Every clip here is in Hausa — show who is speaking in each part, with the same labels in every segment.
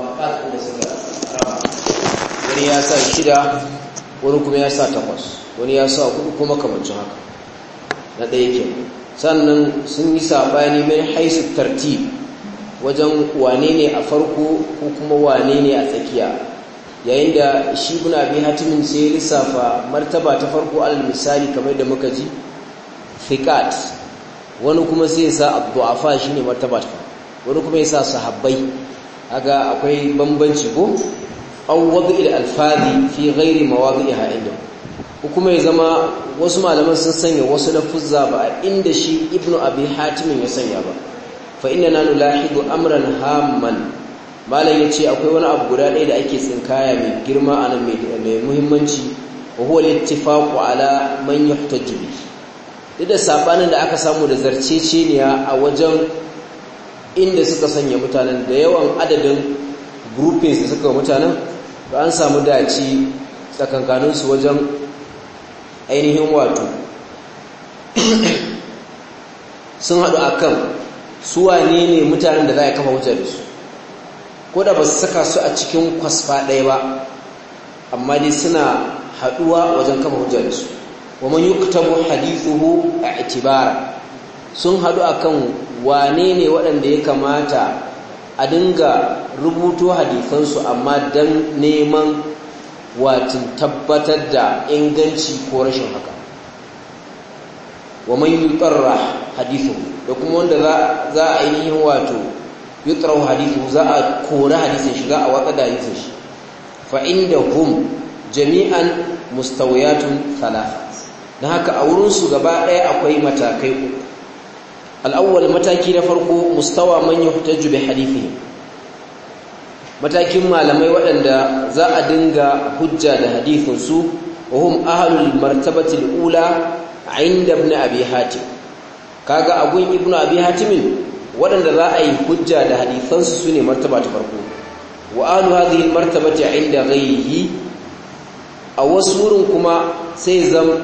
Speaker 1: wani ya sa shida wani kuma ya sa takwas wani ya sa hudu kuma kamancin haka na ɗaya ke sannan sun yi saɓani mai haisu tarti wajen wane ne a farko ko kuma wane ne a tsakiya yayin da shi guna abin hatimin sai lissafa martaba ta farko al misali kamar da muka ji fikat wani kuma sai sa abu a shi ne martaba ta wani kuma ya sa sahabbai Aga akwai bambanci ko awwadu ila alfadi alfazi fi ghairi mawadi'iha inda kuma ya zama wasu malaman sun sanya wasu fuzza ba inda shi ibnu abi hatim ya sanya ba fa inna nulahidu amran hamman malam yace akwai wani abu guda ɗaya da ake tsinkaya mai girma a mai mai muhimmanci huwa al-ittifaqu ala man yuhtaju duk da sabanin da aka samu da ne a wajen inda suka sanya mutanen da yawan adadin groupings da suka mutanen da an samu daci tsakankaninsu wajen ainihin wato sun haɗu a kan suwa ne ne mutanen da za a kafa mutane su ko da ba su saka su a cikin kwasfa ɗaya ba amma dai suna haɗuwa wajen kafa mutane su wa man yuktabu hadithuhu a itibara sun haɗu kan. wane ne waɗanda ya kamata a dinga rubuto hadisansu amma don neman watin tabbatar da inganci ko rashin haka wa man yutarra hadithu da kuma wanda za a yi wato yutarra hadithu za a kora hadisin shiga a watsa da hadisin shi fa hum jami'an mustawiyatun thalatha na haka a wurinsu gaba ɗaya akwai matakai uku al'awwal mataki na farko mustawa man yuhtaju bi hadithihi matakin malamai waɗanda za a dinga hujja da hadithin su wa hum ahlul martabati al-ula inda ibn abi hatim kaga agun ibn abi hatim waɗanda za a yi hujja da hadifansu su ne martaba ta farko wa ahlu hadhihi al-martabati inda ghayrihi a wasu wurin kuma sai zam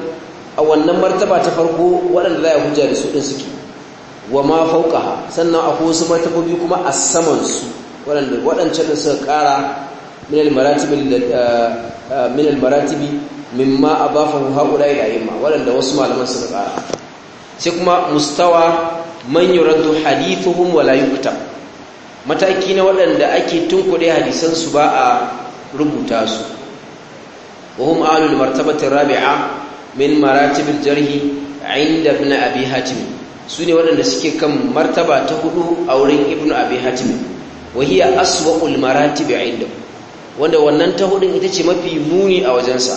Speaker 1: a wannan martaba ta farko waɗanda za a yi hujja da su din suke wa ma fauqaha sannan akwai wasu matakobi kuma a saman su waɗancan da suka ƙara min al-maratibi eh, eh, min al-maratibi mimma abafahu haula waɗanda wasu malaman suka ƙara sai kuma mustawa man yuraddu hadithuhum mataki na waɗanda ake tunkuɗe hadisan su ba a rubuta su wa alul martabatin rabi'a min maratibin jarhi jarh 'inda ibn abi hatim su ne waɗanda suke kan martaba ta hudu a wurin ibnu abi hatim wahiya aswa'ul maratib inda wanda wannan ta hudun ita ce mafi muni a wajensa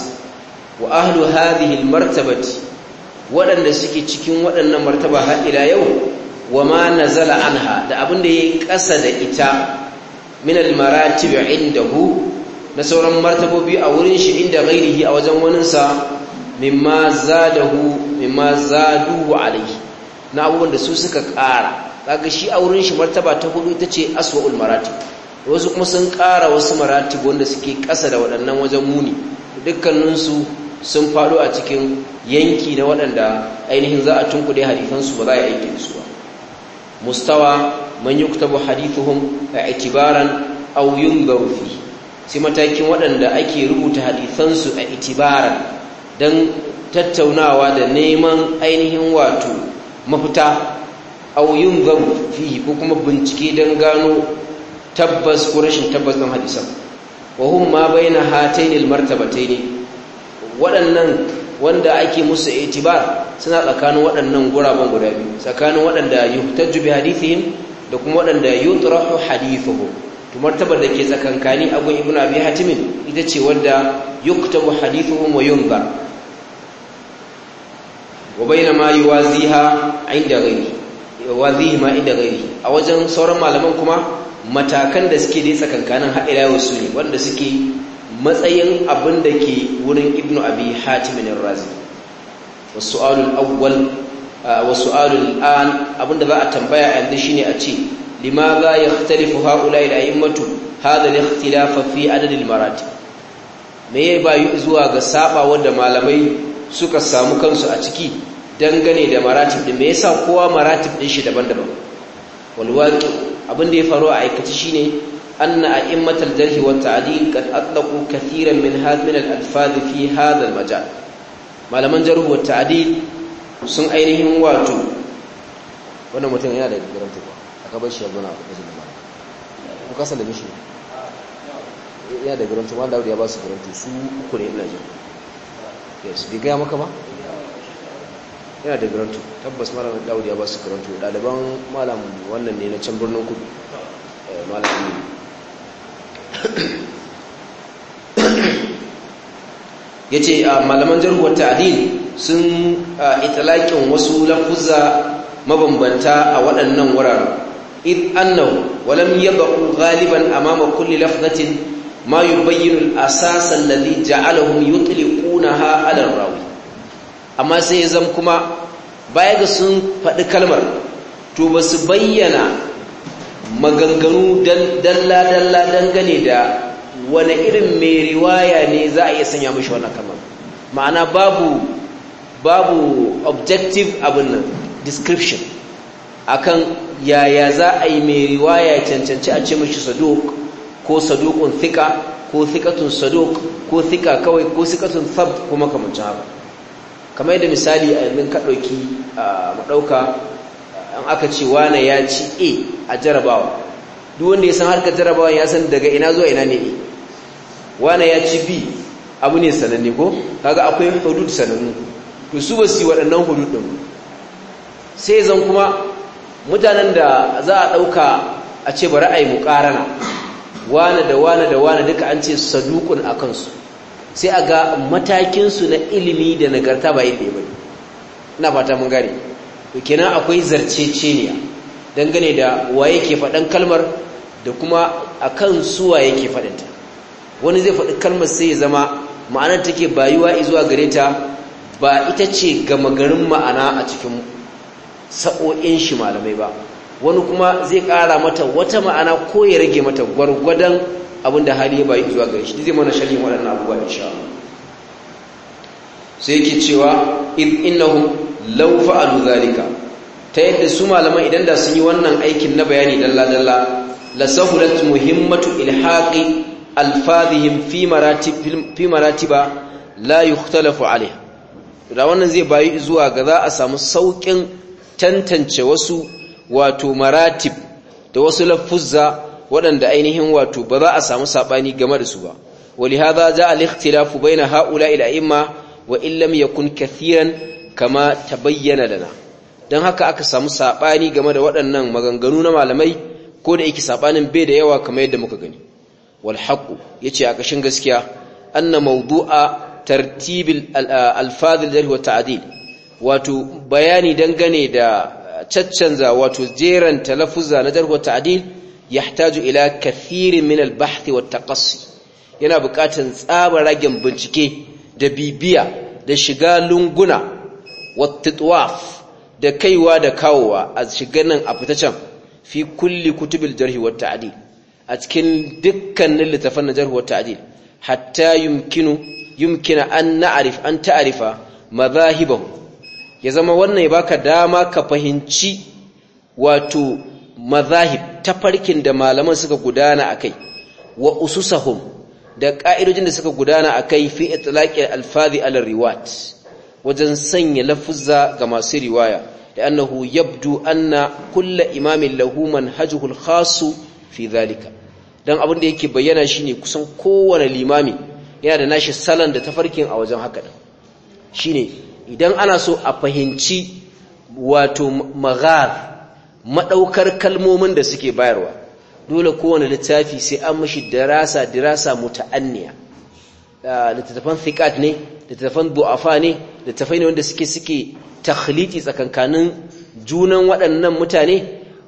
Speaker 1: wa ahlu hadhihi almartabati waɗanda suke cikin waɗannan martaba har ila yau wa ma nazala anha da abin da yayi ƙasa da ita min almaratib indahu na sauran martabobi a wurin shi inda gairihi a wajen waninsa mimma zadahu mimma a alayhi na abubuwan da su suka ƙara kaga shi a wurin shi martaba ta hudu ita ce aswa'ul maratib wasu kuma sun kara wasu maratib wanda suke kasa da waɗannan wajen muni dukkaninsu sun faɗo a cikin yanki na waɗanda ainihin za a tunkuɗe hadifansu ba za a yi aikin su ba mustawa man yuktabu a i'tibaran auyun garufi sai matakin waɗanda ake rubuta hadifansu a itibaran don tattaunawa da neman ainihin wato mafita wuyin zaru fi ko kuma bincike don gano tabbas ko rashin tabbas don hadisan ma bai na hatai ne martabatai ne, waɗannan wanda ake musu itibar suna tsakanin waɗannan guraben guda biyu tsakanin waɗanda yuhtaju bi hadithihim da kuma waɗanda yutrahu hadithuhu to martabar da ke tsakankani agun ibnu abi hatimin ita ce wanda yuktabu hadithuhum wa yunzar wa bainama yuwaziha inda gari wazihi ma inda gari. a wajen sauran malaman kuma matakan da suke dai tsakankanin haɗira su ne wanda suke matsayin abin da ke wurin ibnu abi hatim ar-razi wasu'alul awwal wasu'alul an abin da za a tambaya a yanzu shine a ce ya yakhtalifu ha'ula'i al-a'immatu hada li ikhtilafa fi adadil me yayi ba zuwa ga saba wanda malamai suka samu kansu a ciki dangane da maratib din me yasa kowa maratib din shi daban-daban walwaqi abin da ya faru a aikaci shine anna a'immatul jarh wa ta'dil qad atlaqu kathiran min hadhihi min al-alfaz fi hadha al-majal malaman jarh wa ta'dil sun ainihin wato wannan mutum yana da garanta ba aka bar shi ya gona a cikin malaka ku kasan da mishi yana da garanta wanda ya ba su garanta su uku ne ina jin yes bai gaya maka ba yana da garanto tabbas malam daudi ya ba su garanto ɗaliban malam wannan ne na can birnin kudu eh, malam aminu ya ce ah, malaman jarhuwar ta'adil sun ah, italakin wasu lafuzza mabambanta a waɗannan wuraren id annahu walam yadau galiban amama kulli lafzatin ma yubayyinu al-asas alladhi ja'alahum yutliqunaha 'ala ar-rawi amma sai ya zama kuma baya ga sun faɗi kalmar to ba su bayyana maganganu dalla dalla dangane da wani irin mai riwaya ne za a iya sanya mashi wani kalmar ma'ana babu babu objective abin nan description akan yaya za a yi mai riwaya cancanci a ce mashi saduq ko saduqun thika ko thikatun saduq ko thika kawai ko thikatun thab ko makamancin haka kamar yadda misali a eh, yanzu ka dauki ah, mu dauka an eh, aka ce wane ya ci a a jarabawa duk wanda ya san harkar jarabawa ya san daga ina zuwa ina ne wane ya ci b abu ne sananne ko kaga akwai hudud sanannu to su ba su waɗannan hudud din sai zan kuma mutanen da za a ɗauka a ce bari ai yi muƙarana wane da wane da wane duka an ce saduƙun a kansu sai a ga matakinsu na ilimi da nagarta ba ya ɗaya na fata mun gane to nan akwai zarceceniya dangane da wa yake faɗan kalmar da kuma akan suwa yake faɗinta wani zai faɗi kalmar sai ya zama ma'anar take bayuwa zuwa gare ta ba ita ce gama garin ma'ana a cikin sa'o'in shi malamai ba wani kuma zai ƙara mata wata ma'ana ko ya rage mata gwargwadon abin da hali ya bayi zuwa gari shi zai mana shari'in waɗannan abubuwa da Allah sai yake cewa id innahum laufa a ta yadda su malaman idan da sun yi wannan aikin na bayani dalla dalla la muhimmatu ilhaƙi alfadhihim fi ba, fi maratiba la yukhtalafu alaiha da wannan zai bayi zuwa ga za a samu sauƙin tantance wasu wato maratib da wasu lafuzza waɗanda ainihin wato ba za a samu saɓani game da su ba za ولهذا جاء haula بين هؤلاء الأئمة وإن لم kathiran kama ta bayyana لنا dan haka aka samu saɓani game da waɗannan maganganu na malamai ko da iki saɓanin bai da yawa kamar yadda muka gani wal haqu yace a kashin gaskiya anna mawdu'a tartibil alfaz al jarh wa ta'dil wato bayani dangane da caccanza wato jeran talaffuza na jarhu ta'dil yahtaju ila kathirin min al-bahth wa taqassi yana buƙatar tsaba ragen bincike da bibiya da shiga lunguna wa da kaiwa da kawowa a shiga nan a fita can fi kulli kutubil jarhi wa ta'dil a cikin dukkanin littafan jarhi wa ta'dil hatta yumkinu yumkina an na'rif an ta'rifa madahibahu ya zama wannan ya baka dama ka fahimci wato mazahib tafarkin da malaman suka gudana akai wa ususahum da ka'idojin da suka gudana akai fi itlaqi alfazi ala riwat wajen sanya lafuzza ga masu riwaya da annahu yabdu anna kulla imamin lahu manhajuhu alkhasu fi zalika dan abin da yake bayyana shine kusan kowane limami yana da nashi salon da tafarkin a wajen haka shine idan ana so a fahimci wato maghar maɗaukar kalmomin da suke bayarwa dole kowane littafi sai an mashi dirasa dirasa muta'anniya ah, littattafan thiqat ne littattafan du'afa ne littattafai ne wanda suke suke takhliti tsakankanin junan waɗannan mutane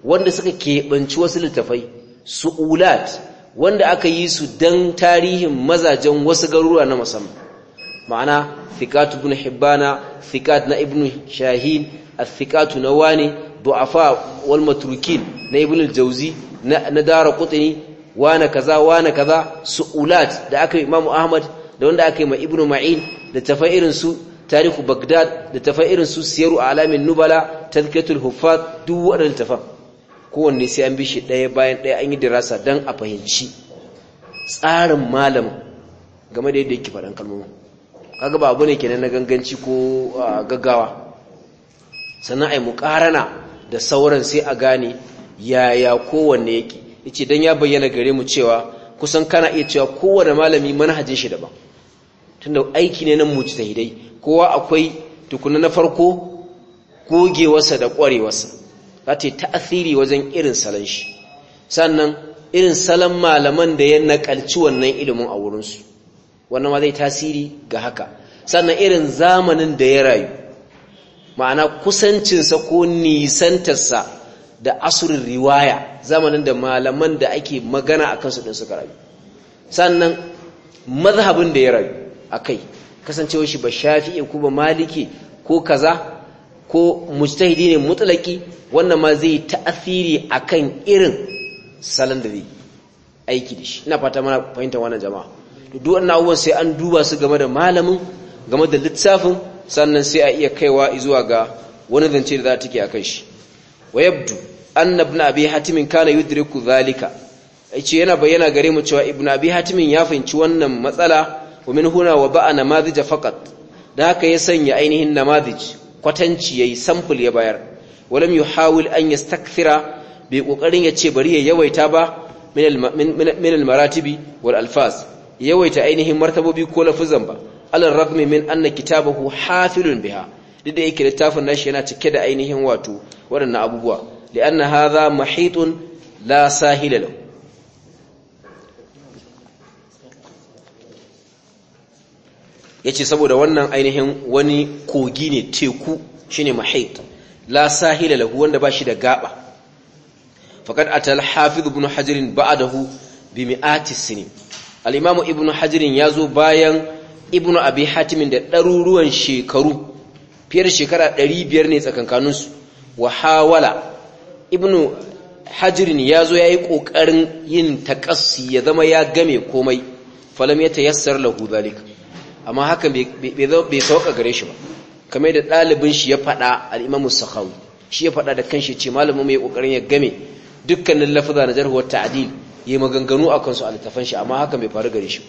Speaker 1: wanda suka keɓanci wasu littattafai su'ulat wanda aka yi su dan tarihin mazajen wasu garuruwa na musamman ma'ana thiqatu ibn hibbana thiqat na ibn shahin athiqatu na wani du'afa wal matrukin na ibn al-jawzi na dara qutni wana kaza wana kaza su'ulat da aka imamu ahmad da wanda aka yi ma ibnu ma'in da tafa irin su bagdad da tafa irin su siyaru alamin nubala tazkiyatul huffaz duk waɗannan tafa kowanne sai an bi shi ɗaya bayan ɗaya an yi dirasa dan a fahimci tsarin malamin game da yadda yake faɗan kalmomin kaga ba abu ne kenan na ganganci ko gaggawa sannan ai muƙarana da sauran sai a gane yaya kowanne yake yace dan ya bayyana gare mu cewa kusan kana iya cewa kowanne malami manhajin shi daban tunda aiki ne na mujtahidai kowa akwai tukuna na farko gogewarsa da ƙwarewarsa Zata ta wajen irin salon shi sannan irin salon malaman da ya naƙalci wannan ilimin a wurinsu wannan ma zai tasiri ga haka sannan irin zamanin da ya rayu ma'ana kusancinsa ko nisantarsa da asurin riwaya zamanin da malaman da ake magana a kansu ɗin suka rayu sannan mazhabin da ya rayu a kai kasancewar shi ba shafi'i ko ba maliki ko kaza ko mujtahidi ne mutlaki wannan ma zai ta'asiri akan irin salon da zai aiki da shi ina fata mana fahimtar wannan jama'a to duk wannan abubuwan sai an duba su game da malamin game da littafin sannan sai a iya kaiwa zuwa ga wani zance da za ta a kai shi wa yabdu anna ibn abi hatim kana yudriku zalika yace yana bayyana gare mu cewa ibn abi hatim ya fahimci wannan matsala wa min huna wa ba'a namazija faqat da haka ya sanya ainihin namadij kwatanci yayi sample ya bayar walam yuhawil an yastakthira bai kokarin ya ce bari ya yawaita ba min al maratibi wal alfaz yawaita ainihin martabobi ko lafuzan ba alal ragmi min anna kitabahu hafilun biha duk da yake littafin nashi yana cike da ainihin wato waɗannan abubuwa anna hadha muhitun la sahila lahu yace saboda wannan ainihin wani kogi ne teku shine muhit la sahila lahu wanda bashi da gaba faqad atal hafiz ibn hajr ba'dahu bi mi'ati sinin al'imamu ibn hajirin ya zo bayan ibnu abi hatimin da ɗaruruwan shekaru fiye da shekara ɗari biyar ne tsakankaninsu wa hawala ibn hajirin ya zo ya yi ƙoƙarin yin taƙassi ya zama ya game komai falam ya tayassar lahu zalika amma haka bai sauka gare shi ba kamar da ɗalibin shi ya faɗa al'imamu sakhawi shi ya faɗa da kanshi ce malamin mai ƙoƙarin ya game dukkanin lafaza na jarhuwar ta'adil yi maganganu a kansu a littafan shi amma hakan bai faru gare shi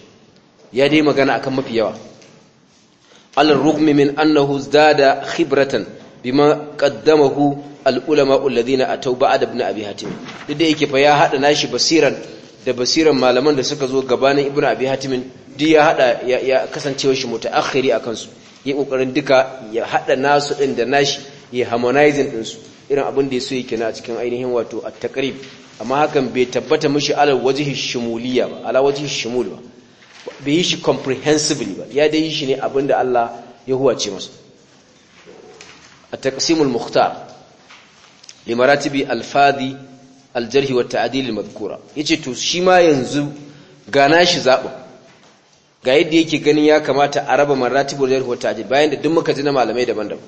Speaker 1: ya dai magana akan mafi yawa alal rugmi min annahu zada khibratan bima qaddamahu al ulama alladhina ataw ba'd ibn abi hatim duk da yake fa ya hada nashi basiran da basiran malaman da suka zo gabanin ibn abi hatim duk ya hada ya kasancewa shi mutaakhiri akan su yi kokarin duka ya hada nasu din da nashi ya harmonizing din su irin abin da yaso yake na cikin ainihin wato at-taqrib amma hakan bai tabbata mishi ala wajhi shimuliya ba ala wajhi shimul ba bai yi shi comprehensively ba ya dai yi shi ne abinda Allah ya huwace masa at-taqsim al-mukhtar li maratibi al aljarhi al-jarh wa tadil al yace to shi ma yanzu gana shi zabu ga yadda yake ganin ya kamata a raba maratibul jarh wa tadil bayan da duk muka ji na malamai daban-daban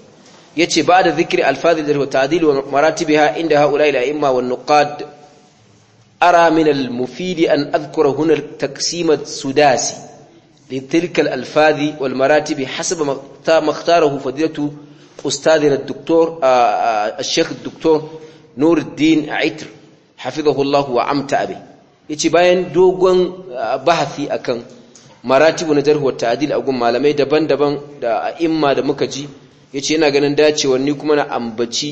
Speaker 1: yace ba da zikri al-fadhi al-jarh wa at-ta'dil wa maratibiha inda ha'ula'i al-a'imma wan-nuqad أرى من المفيد أن أذكر هنا التقسيم السداسي لتلك الألفاظ والمراتب حسب ما اختاره فضيلة أستاذنا الدكتور الشيخ الدكتور نور الدين عتر حفظه الله وعمت به yace bayan dogon bahasi akan maratibu na jarhu ta'dil a gun malamai daban-daban da a'imma da muka ji yace yana ganin dacewa ni kuma na ambaci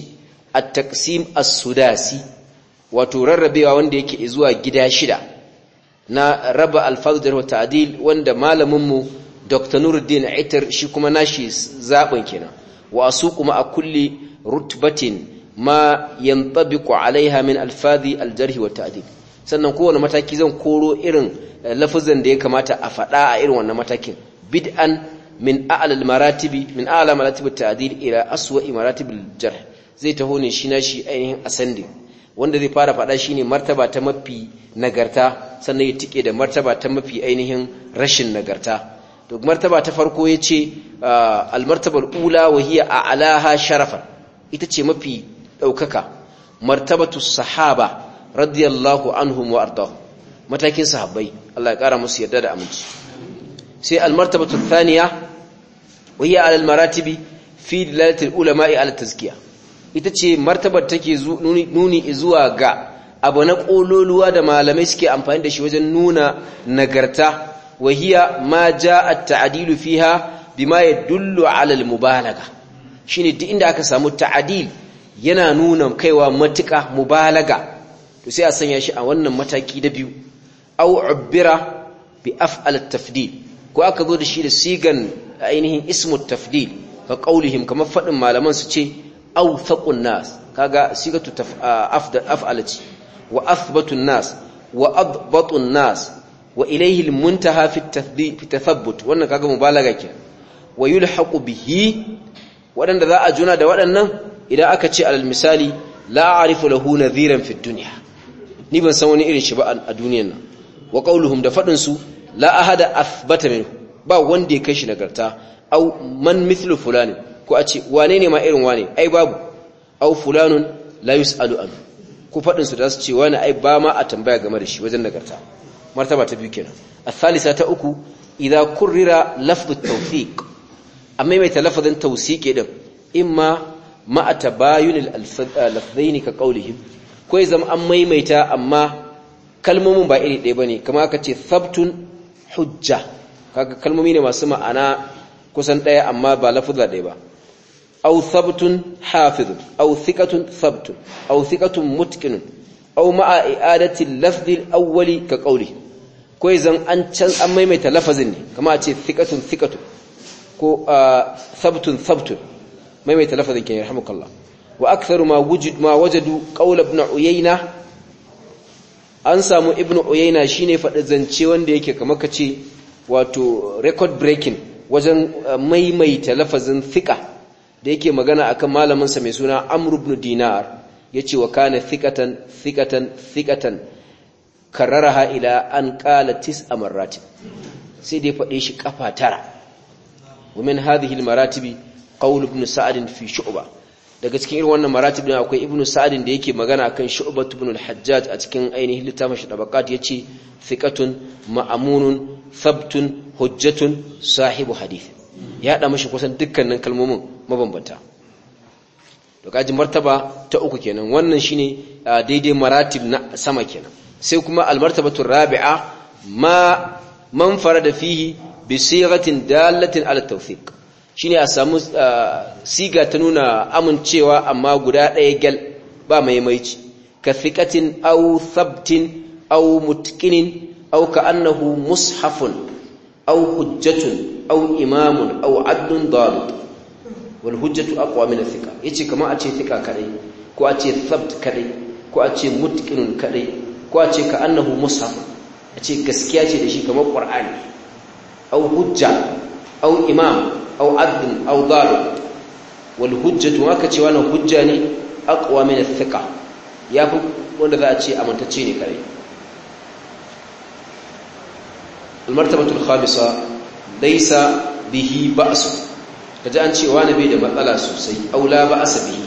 Speaker 1: a Taksim as-sudasi wato rarrabewa wanda yake zuwa gida shida na raba alfazar wa ta'adil wanda malaminmu dr nuruddin aitar shi kuma nashi zaɓin kenan wa su kuma a kulli rutbatin ma yantabiqu alaiha min alfazi aljarhi wa ta'adil sannan kowane mataki zan koro irin eh, lafazan da ya kamata a faɗa a irin wannan matakin bid'an min a'la al-maratibi min a'la ila aswa maratib jarh zai taho ne shi nashi ainihin ascending wanda zai fara faɗa shine martaba ta mafi nagarta sannan ya tike da martaba ta mafi ainihin rashin nagarta to martaba ta farko yace ah, almartabal ula wa a a'laha sharafan ita ce mafi daukaka martabatu sahaba radiyallahu anhum wa ardahum matakin sahabbai Allah ya kara musu yarda da aminci sai almartabatu thaniya wa hiya ala almaratibi fi dilalati ulama'i ala tazkiyah ita ce martabar take nuni zuwa ga abu na ƙololuwa da malamai suke amfani da shi wajen nuna nagarta wahiya ma ja a ta'adilu fiha bima ya dullu alal mubalaga shi ne duk inda aka samu ta'adil yana nuna kaiwa matuka mubalaga to sai a sanya shi a wannan mataki da biyu au ubbira bi af'al tafdil ko aka zo da shi da sigan ainihin ismu tafdil ka qaulihim kamar fadin malaman su ce awthaqun nas kaga sigatu afdal af'alati wa athbatun nas wa adbatun nas wa ilayhi almuntaha fi tathabbut wannan kaga mubalaga ke wa yulhaqu bihi wadanda za a juna da waɗannan idan aka ce alal misali la a'rifu lahu nadhiran fi dunya ni ban san wani irin shi ba a duniyan nan wa qauluhum da fadin su la ahada athbata minhu ba wanda ya kai shi nagarta au man mithlu fulani ko a ce wane ne ma irin wane ai babu au fulanun la yus'alu an ku fadin su da su ce wane ai ba ma a tambaya game da shi wajen nagarta martaba ta biyu kenan athalisa ta uku idza kurrira lafzu tawfiq amma mai talafazin tawsiqi din imma ma atabayun al ka qawlihim ko zama an maimaita amma kalmomin ba iri ɗaya bane kamar aka ce sabtun hujja kaga kalmomi ne masu ma'ana kusan ɗaya amma ba lafuzza ɗaya ba aw thabtun hafizun aw thiqatun sabtun aw thiqatun mutqinun aw ma'a i'adati lafzi al-awwali ka qawli ko idan an can an maimaita lafazin ne kama a ce thiqatun thiqatun ko thabtun thabtun maimaita lafazin ke yarhamukallah wa aktharu ma wujid ma wajadu qawl ibn uyayna an samu ibn uyayna shine faɗi zance wanda yake kamar ce wato record breaking wajen maimaita lafazin thiqa da yake magana akan malamin sa mai suna Amr ibn Dinar yace wa kana thiqatan thiqatan thiqatan kararaha ila an qala tis'a maratib sai dai fade shi kafa tara wa min hadhihi maratibi ibn sa'd fi shu'ba daga cikin irin wannan maratib akwai ibn sa'd da yake magana akan shu'bat ibn al-hajjaj a cikin ainihin littafin shadabaqat yace thiqatun ma'amunun thabtun hujjatun sahibu hadith ya haɗa mashi kusan dukkanin kalmomin mabambanta to kaji martaba ta uku kenan wannan shine daidai maratib na sama kenan sai kuma almartabatu rabi'a ma man farada fihi bi sighatin dalatin ala tawfiq shine a samu siga ta nuna amincewa amma guda ɗaya gal ba mai maici ka thiqatin aw thabtin aw mutqinin aw ka'annahu mushafun aw hujjatun au imamun au addun dalut wal hujjatu aqwa min athika yace kama a ce thika kadai ko a ce thabt kadai ko a ce mutqinun kadai ko a ce ka annahu mushaf a ce gaskiya ce da shi kamar qur'ani au hujja au imam au addun au dalut wal hujjatu aka ce wannan hujja ne aqwa min athika yafi wanda za a ce amintacce ne kadai المرتبة الخامسة laisa bihi ba'su kaji an cewa na bai da matsala sosai aula ba'sa bihi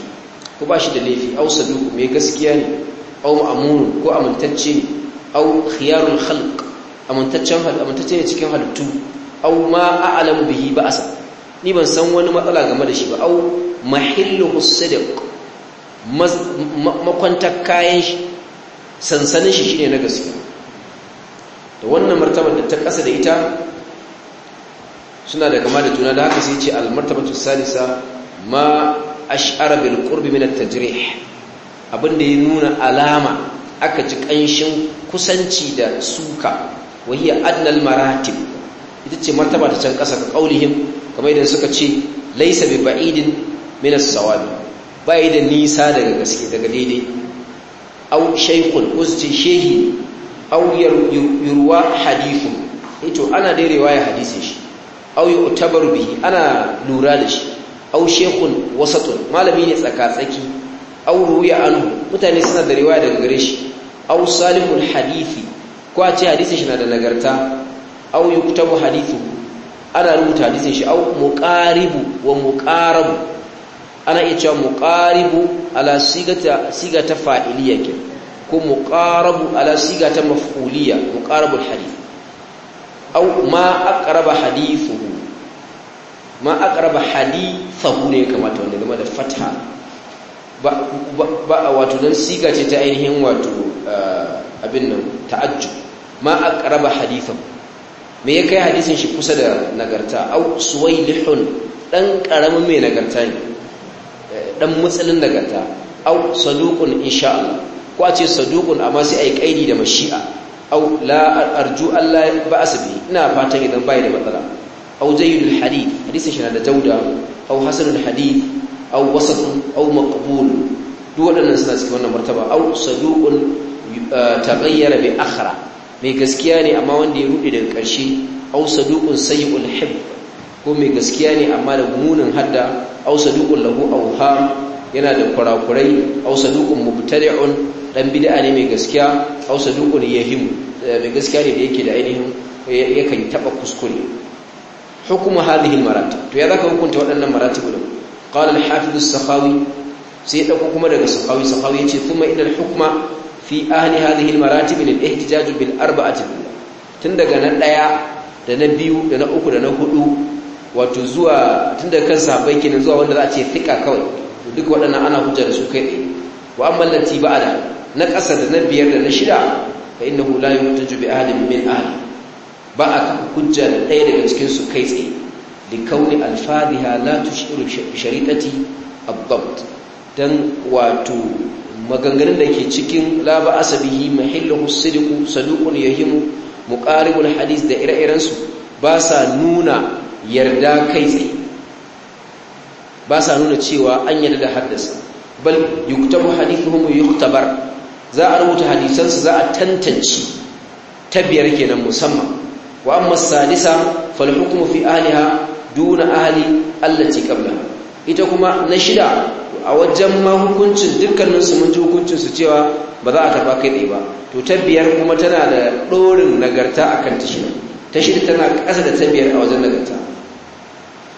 Speaker 1: ko ba shi da laifi au saduku mai gaskiya ne au ma'amun ko amintacce ne au khiyarul khalq amintaccen amintacce ne cikin halittu au ma a'lamu bihi ba'sa ni ban san wani matsala game da shi ba au mahillu sidq makwantar kayan shi sansanin shi shine na gaske da wannan martaba da ta kasa da ita suna da kama da juna da haka sai ce almartabatu salisa ma ash'ara bil qurbi min at-tajrih abinda ya nuna alama aka ji kanshin kusanci da suka wahiya adnal maratib ita ce martaba ta can kasa ka kaulihim kamar idan suka ce laysa bi ba'idin min as-sawabi bai da nisa daga gaske daga daidai au shaykhun usji shehi au yurwa hadithun ito eh ana dai riwaya hadisin shi aw utabar bihi ana lura da shi aw shekun wasatun malami ne tsaka-tsaki. aw ruya anu, mutane suna da riwaya daga gare shi aw salihul hadisi ko a ce hadisin shi na da nagarta aw yuktabu hadithuhu ana rubuta hadisin shi aw muqaribu wa muqarabu ana iya cewa muqaribu ala sigata sigata fa'iliyya ko muqarabu ala sigata maf'uliyya muqarabul hadith au ma aqraba hadithuhu ma aqraba hadithuhu ne kamata wanda game da fatha ba wato dan siga ce ta ainihin wato eh, abin nan ta'ajju ma aqraba hadithuhu me ya kai hadisin shi kusa da nagarta au suwaylihun dan karamin mai nagarta ne eh, dan mutsalin nagarta au saduqun insha Allah ko a ce saduqun amma sai yi kaidi da mashi'a au la arju Allah ba asbi ina fatan idan bai da matsala au zayyul shana hadisin shi da jauda au hasanul hadith au wasatun au maqbul duk waɗannan suna cikin wannan martaba au saduqun ah, taghayyara bi akhra mai gaskiya ne amma wanda ya rude daga ƙarshe au saduqun sayyul hib ko mai gaskiya ne amma da munin hadda au saduqun lahu auha. yana da kurakurai aw saduqun mubtadi'un dan bid'a ne mai gaskiya aw saduqun yahim eh, mai gaskiya ne da yake da ainihin eh, yakan taba kuskure hukumu hadhihi maratib to ya zaka hukunta waɗannan maratib din qala al-hafiz as-sakhawi sai ya dauko kuma daga sakhawi sakhawi yace kuma idan hukuma fi ahli hadhihi al-maratib lil-ihtijaj bil arba'ati tun daga na daya da na biyu da na uku da na hudu wato zuwa tun da kan sahabbai kenan zuwa wanda za a ce fika kawai duk waɗannan ana hujja da su kai tsaye wa amma lati ba'ada na ƙasa da na biyar da na shida fa hula la yuhtaju bi ahadin min ahli ba a kafa hujja da ɗaya daga cikin su kai tsaye li kauni alfadiha la tushiru bi dan wato maganganun da ke cikin la ba asabihi mahilluhu sidiqu saduqun yahimu muqaribul hadith da ire-irensu ba sa nuna yarda kai tsaye ba sa nuna cewa an yarda da haddasa bal yuktabu hadithuhum yuktabar za a rubuta hadisansu za a tantance tabiyar kenan musamman wa amma salisa fal hukmu fi ahliha duna ahli allati qabla ita kuma na shida a wajen ma hukuncin dukkanin su mun ji hukuncin su cewa ba za a taba kai tsaye ba to ta biyar kuma tana da dorin nagarta akan ta shida ta shida tana ƙasa da ta biyar a wajen nagarta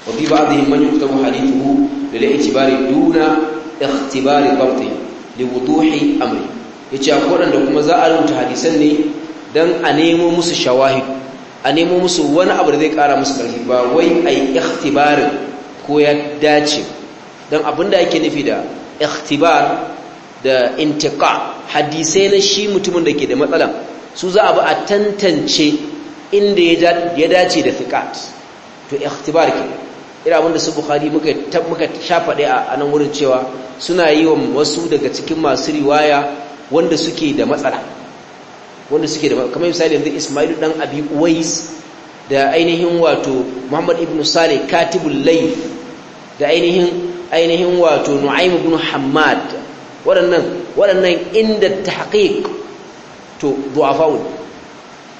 Speaker 1: وفي بعضهم من يكتب حديثه للاعتبار دون اختبار ضبطه لوضوح امره yace akwai waɗanda kuma za a rubuta hadisan ne don a nemo musu shawahid a nemo musu wani abu da zai ƙara musu ƙarfi ba wai a yi ikhtibarin ko ya dace don abinda ake nufi da ikhtibar da intiqa hadisai na shi mutumin da ke da matsala su za a bi a tantance inda ya dace da fiqat to ikhtibar kenan ira abinda su bukhari muka shafa shafaɗe a nan wurin cewa suna yi wa wasu daga cikin masu riwaya wanda suke da matsala wanda suke da kamar misali yanzu Ismailu dan Abi Uwais da ainihin wato Muhammad ibn Salih katibul Laif, da ainihin ainihin wato Nu'aym ibn Hammad waɗannan waɗannan inda tahqiq to du'afa'un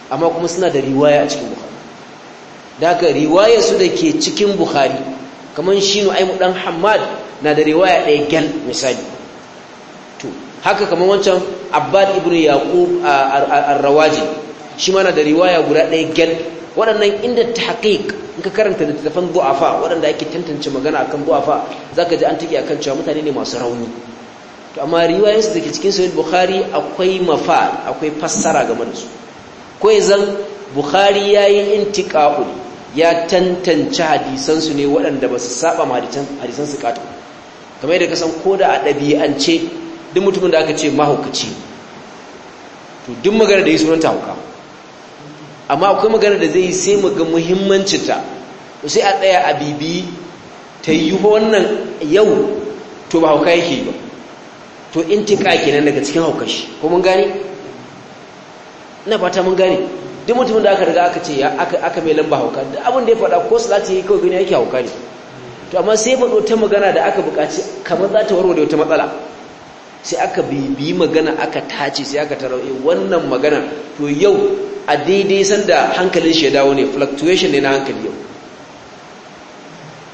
Speaker 1: amma kuma suna da riwaya a cikin da riwaya su da ke cikin buhari kamar shi aimu dan hamad na da riwaya ɗaya gyal misali to haka kamar wancan abbad ibn yaqub ar-rawaji shi ma na da riwaya guda ɗaya gyal waɗannan inda tahqiq in ka karanta littattafan du'afa waɗanda ake tantance magana akan du'afa zaka ji an tiki akan cewa mutane ne masu rauni to amma riwaya su da ke cikin sahih bukhari akwai mafa akwai fassara game da su ko yanzu bukhari yayi intiqa'u ya tantance hadisansu ne waɗanda ba su saba hadisan su katu kamar yadda kasan ko da a ɗabi'ance duk mutumin da aka ce mahaukaci to duk magana da yi sunanta hauka amma akwai magana da zai yi sai mu ga muhimmancinta sai a tsaya a bibi ta yi wannan yau to ba hauka yake ba to in tinka kenan daga cikin haukashi ko mun gane ina fata mun gane duk mutumin da aka riga aka ce aka mai lamba hauka duk abin da ya fada ko salati ya kawai gani yake hauka ne to amma sai faɗo ta magana da aka buƙaci kamar za ta warware wata matsala sai aka bibi magana aka tace sai aka tarau eh, wannan magana to yau a daidai sanda hankalin shi ya dawo ne fluctuation ne na hankali yau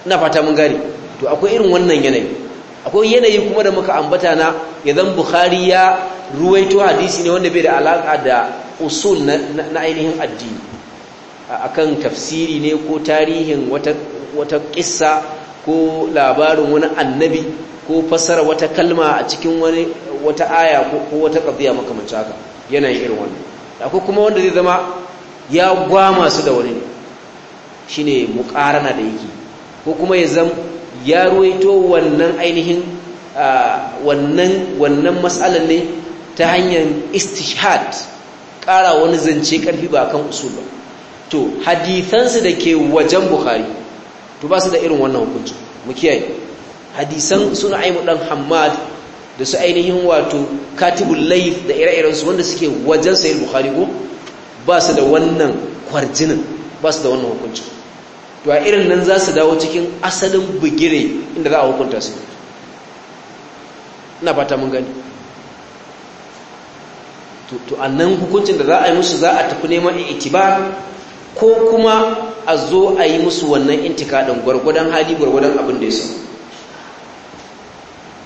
Speaker 1: na fata mun gane to akwai irin wannan yanayi akwai yanayi kuma da muka ambata na idan bukhari ya ruwaito hadisi ne wanda bai da alaka da usul na ainihin addini a kan tafsiri ne ko tarihin wata kissa ko labarin wani annabi ko fasara wata kalma a cikin wani wata aya ko wata qadiya makamanci haka yanayin irin wannan akwai kuma wanda zai zama ya gwama su da wani shine muƙarana da yake ko kuma ya zam ya ruwaito wannan ainihin wannan wannan mas'alan ne ta hanyar istishhad kara wani zance ƙarfi ba kan usul ba to hadisansu da ke wajen bukhari to ba su da irin wannan hukunci mu kiyaye hadisan suna aimu dan Hamad da su ainihin wato katibul laif da ire-iren su wanda suke wajen sahih bukhari ko ba su da wannan kwarjinin ba su da wannan hukunci to a irin nan za su dawo cikin asalin bugire inda za a hukunta su ina fata mun gani to annan hukuncin da za a yi musu za a tafi neman itibar ko kuma a zo a yi musu wannan intikadin gwargwadon hali gwargwadon abin da ya samu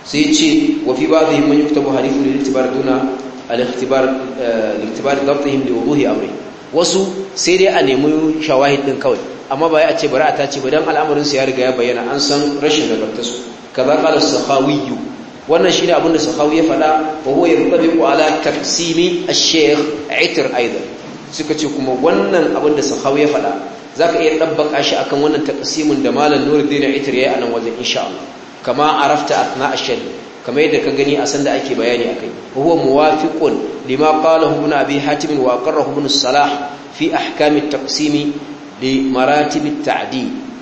Speaker 1: sai ce wa fi ba'dhi man yuktabu harifu lil itibar duna al iktibar al eh, da dabtihim li wasu sai dai a nemi shawahid din kawai amma ba a ce bari a tace ba dan al'amarin su ya riga ya bayyana an san rashin nagartarsu kaza qala sakhawiyu wannan shi ne abinda sahawi ya faɗa wa huwa yantabiqu ala taksimi ash-shaykh itr suka ce kuma wannan abinda sahawi ya faɗa zaka iya ɗabbaka shi akan wannan taksimin da malam Nuruddin ya yayi a nan wajen insha Allah kama arafta athna ash-shaykh kama yadda ka gani a sanda ake bayani akai huwa muwafiqun lima qalahu ibn abi hatim wa aqarrahu ibn salah fi ahkam at-taqsim li maratib at-ta'dil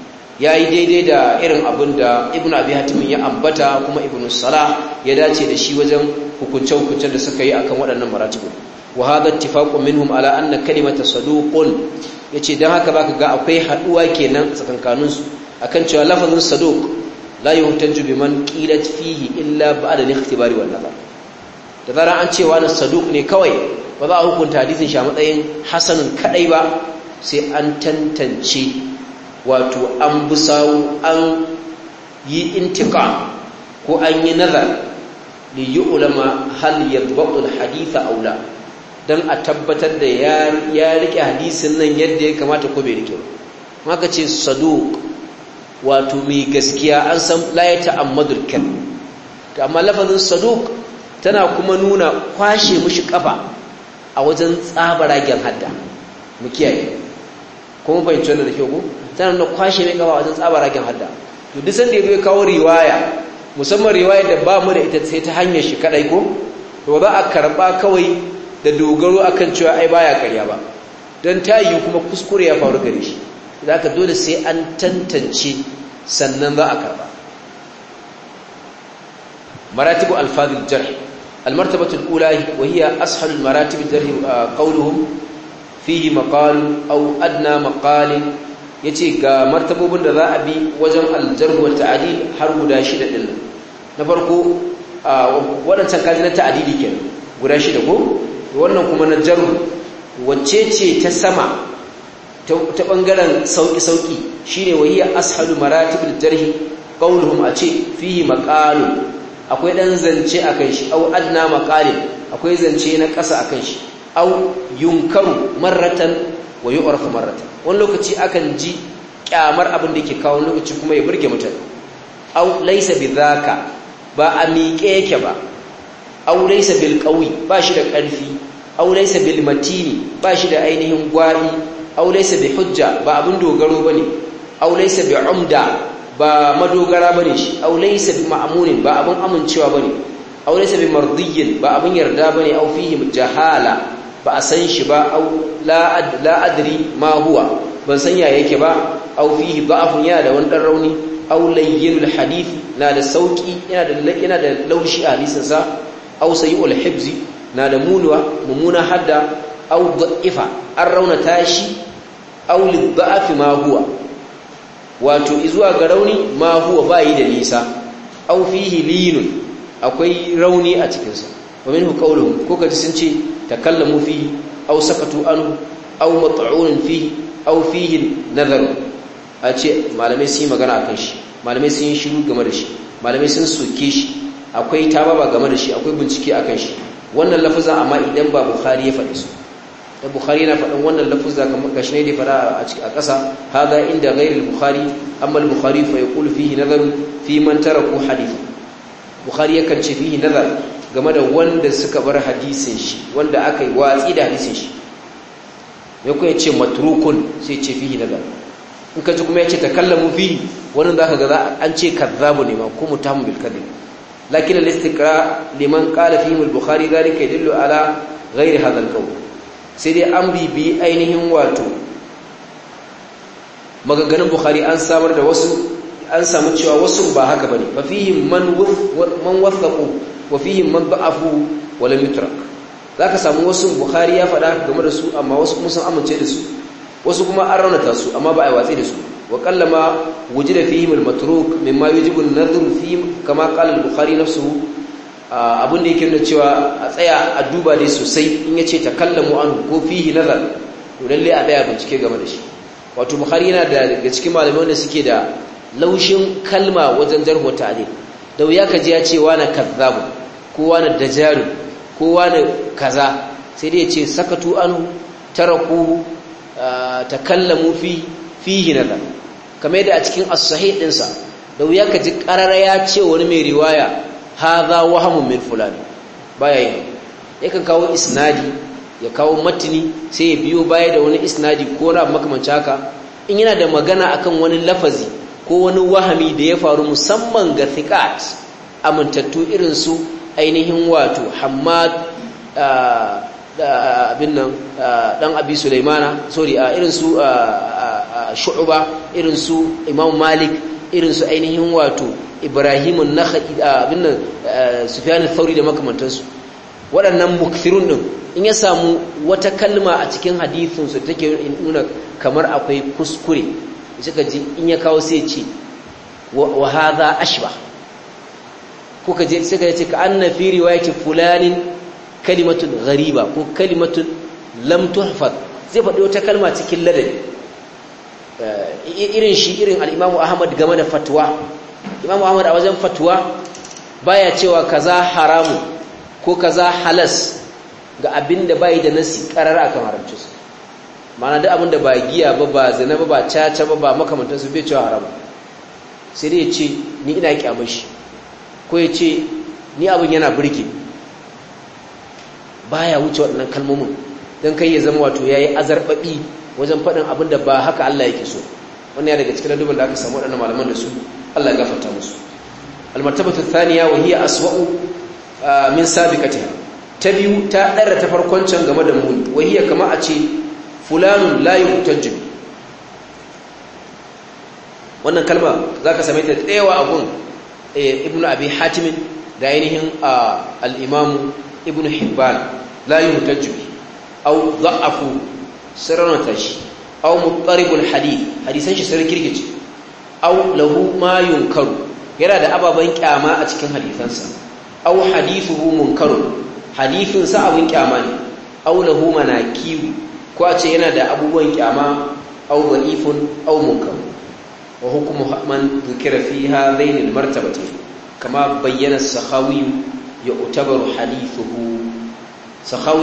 Speaker 1: ya yi daidai da irin abin da ibn abi hatimin ya ambata kuma ibn salah ya dace da shi wajen hukunce-hukuncen da suka yi akan waɗannan maratibu wa hadha ittifaqun minhum ala anna kalimata saduqun yace dan haka baka ga akwai haduwa kenan tsakankanin su akan cewa lafazin saduq la yuhtaju biman qilat fihi illa ba'da al-ikhtibari wal nazar da zaran an cewa na saduq ne kawai ba za a hukunta hadisin shi matsayin hasanun kaɗai ba sai an tantance wato an busawo an yi intika ko an yi nazar li ulama hal yadbaqu al haditha aula don dan a tabbatar da ya riƙe rike hadisin nan yadda ya kamata ko bai rike ba maka ce Saduk. wato mai gaskiya an san la ya ta'ammadul kal amma lafazin Saduk tana kuma nuna kwashe mushi kafa a wajen tsabaragen hadda mu kiyaye kuma cewa da kyau ko tana na kwashe mai gaba wajen tsaba ragin hadda to duk sanda ya zo kawo riwaya musamman riwaya da ba mu da ita sai ta hanyar shi kadai ko to za a karba kawai da dogaro a kan cewa ai baya karya ba don ta yi kuma kuskure ya faru gare shi za dole sai an tantance sannan za a karba maratibu الفاظ الجرح المرتبة الأولى وهي أسهل مراتب jar قولهم فيه مقال أو أدنى مقال ya ce ga martabobin da za a bi wajen aljarhu wa har guda shida ɗin na farko waɗancan kaji na ke guda shida ko wannan kuma na jarhu wacce ce ta sama ta ɓangaren sauƙi-sauƙi shine ne wahiyar ashalu maratibul jarhi ƙaunuhum a ce fihi maƙalu akwai ɗan zance a kan shi au adna maƙalin akwai zance na ƙasa a kan shi au yunkaru marratan wa yu'rafu marratan wani lokaci akan ji ƙyamar abin da ke kawo lokaci kuma ya burge mutane aw laysa bidhaka ba a miƙe yake ba aw laysa bil qawi ba shi da ƙarfi aw laysa bil matini ba shi da ainihin gwari aw laysa bi hujja ba abin dogaro bane aw laysa bi umda ba madogara bane shi aw laysa bi ma'munin ba abin amincewa bane aw laysa bi mardiyyin ba abin yarda bane aw fihi jahala ba a san shi ba au la adri ma huwa ban san ya yake ba au fihi da'afun yana da wani dan rauni au layyinul hadith na da sauki yana da yana da laushi a hadisin sa au sayyul hibzi na da munuwa mumuna hadda au da'ifa an rauna tashi. au lidda'afi ma huwa wato izuwa ga rauni ma huwa yi da nisa au fihi linun akwai rauni a cikin sa wa minhu qawluhum ko ji sun ce takallamu fi aw sakatu anhu aw mat'unun fi aw fihi nadharu a ce malamai sun yi magana akan shi malamai sun yi shiru game da shi malamai sun soke shi akwai taba ba game da shi akwai bincike akan shi wannan lafuzan amma idan ba bukhari ya faɗi su da bukhari yana faɗin wannan lafuzan kamar gashi ne da faɗa a ƙasa hada inda ghairil bukhari amma al-bukhari fa yaqulu fihi nadharu fi man taraku hadith bukhari yakan ce fihi nadharu game da wanda suka bar hadisin shi wanda aka yi watsi da hadisin shi mai kuma ya ce matrukun sai ce fihi daga in ka ci kuma ya ce takallamu fi wani za ka ga an ce kazzabu ne ma ko mutamu bil kadhib lakin al istiqra liman qala fihi al bukhari zalika yadullu ala ghairi hadha al qawl sai dai an bibi ainihin wato maganganun bukhari an samar da wasu an samu cewa wasu ba haka bane fa man man wa fihim man da'afu wa lam yutrak zaka samu wasu bukhari ya faɗa game da su amma wasu kuma sun amince da su wasu kuma an raunata su amma ba a yi watsi da su wa kallama wujida fihim al-matruk mimma yujibu an-nadhru fihim kama qala al-bukhari nafsuhu abin da yake nuna cewa a tsaya a duba dai sosai in yace takallamu an ko fihi nazar to lalle a tsaya bincike game da shi wato bukhari yana daga cikin malamai wanda suke da laushin kalma wajen jarhu ta'dil da wuya ka kaji ya ce na kazzabu kowa na dajaru kowa na kaza sai dai ce sakatu taraku ta kallamu fi fihi nazar kame da a cikin as ɗinsa da wuya ka ji ƙarara ya ce wani mai riwaya wa wahamun min fulani baya yin yakan kawo isnadi ya kawo matini sai ya biyo baya da wani isnadi ko na makamanci haka in yana da magana akan wani lafazi ko wani wahami da ya faru musamman ga thikat amintattu irin su ainihin wato hamad abin nan dan abi sulaimana sorry irinsu a shu'uba irinsu imam malik irinsu ainihin wato ibrahimun nakhai abin nan sufyan al da makamantansu waɗannan mukthirun ɗin in ya samu wata kalma a cikin hadithin su take nuna kamar akwai kuskure suka ji in ya kawo sai ce wa hadha ashbah kuka je suka ce ka anna fi riwayati fulanin kalimatun ghariba ko kalimatun lam tuhfaz zai faɗi wata kalma cikin ladabi eh, irin shi irin al-Imam Ahmad game da fatwa Imam Ahmad a wajen fatwa baya cewa kaza haramu ko kaza halas ga abinda bai da nasi karar akan haramci su ma'ana duk abinda ba giya ba ba zina ba ba caca ba ba makamantansu bai cewa haramu sai dai ya ce ni ina kyamashi shi ko ya ce ni abin yana birki ba ya wuce waɗannan kalmomin don kai ya zama wato ya yi azarɓaɓi wajen faɗin abin da ba haka Allah ke so wannan ya daga cikin dubin da aka samu waɗannan malaman da su Allah ya gafarta musu almartabatar thaniya wa hiya aswa'u min sabiqatiha ta biyu ta ɗara ta farkon can game da muni wa hiya kama a ce fulanun la yuhtajju wannan kalma zaka same ta tsayawa abun Eh, ibnu abi hatim da ainihin al-imam ibnu hibban la yuhtaju bi aw dha'afu sirrata shi aw mutaribul hadith hadisan shi sai kirkice Au lahu ma yunkaru yana da ababen kyama a cikin hadisansa au Hadithu munkarun hadithin sa abin kyama ne au lahu manakibu ko a ce yana da abubuwan kyama aw au mun munkarun wa hukumu man dhukira fi hadhain al martabatayn kama bayyana sahawi ya utabaru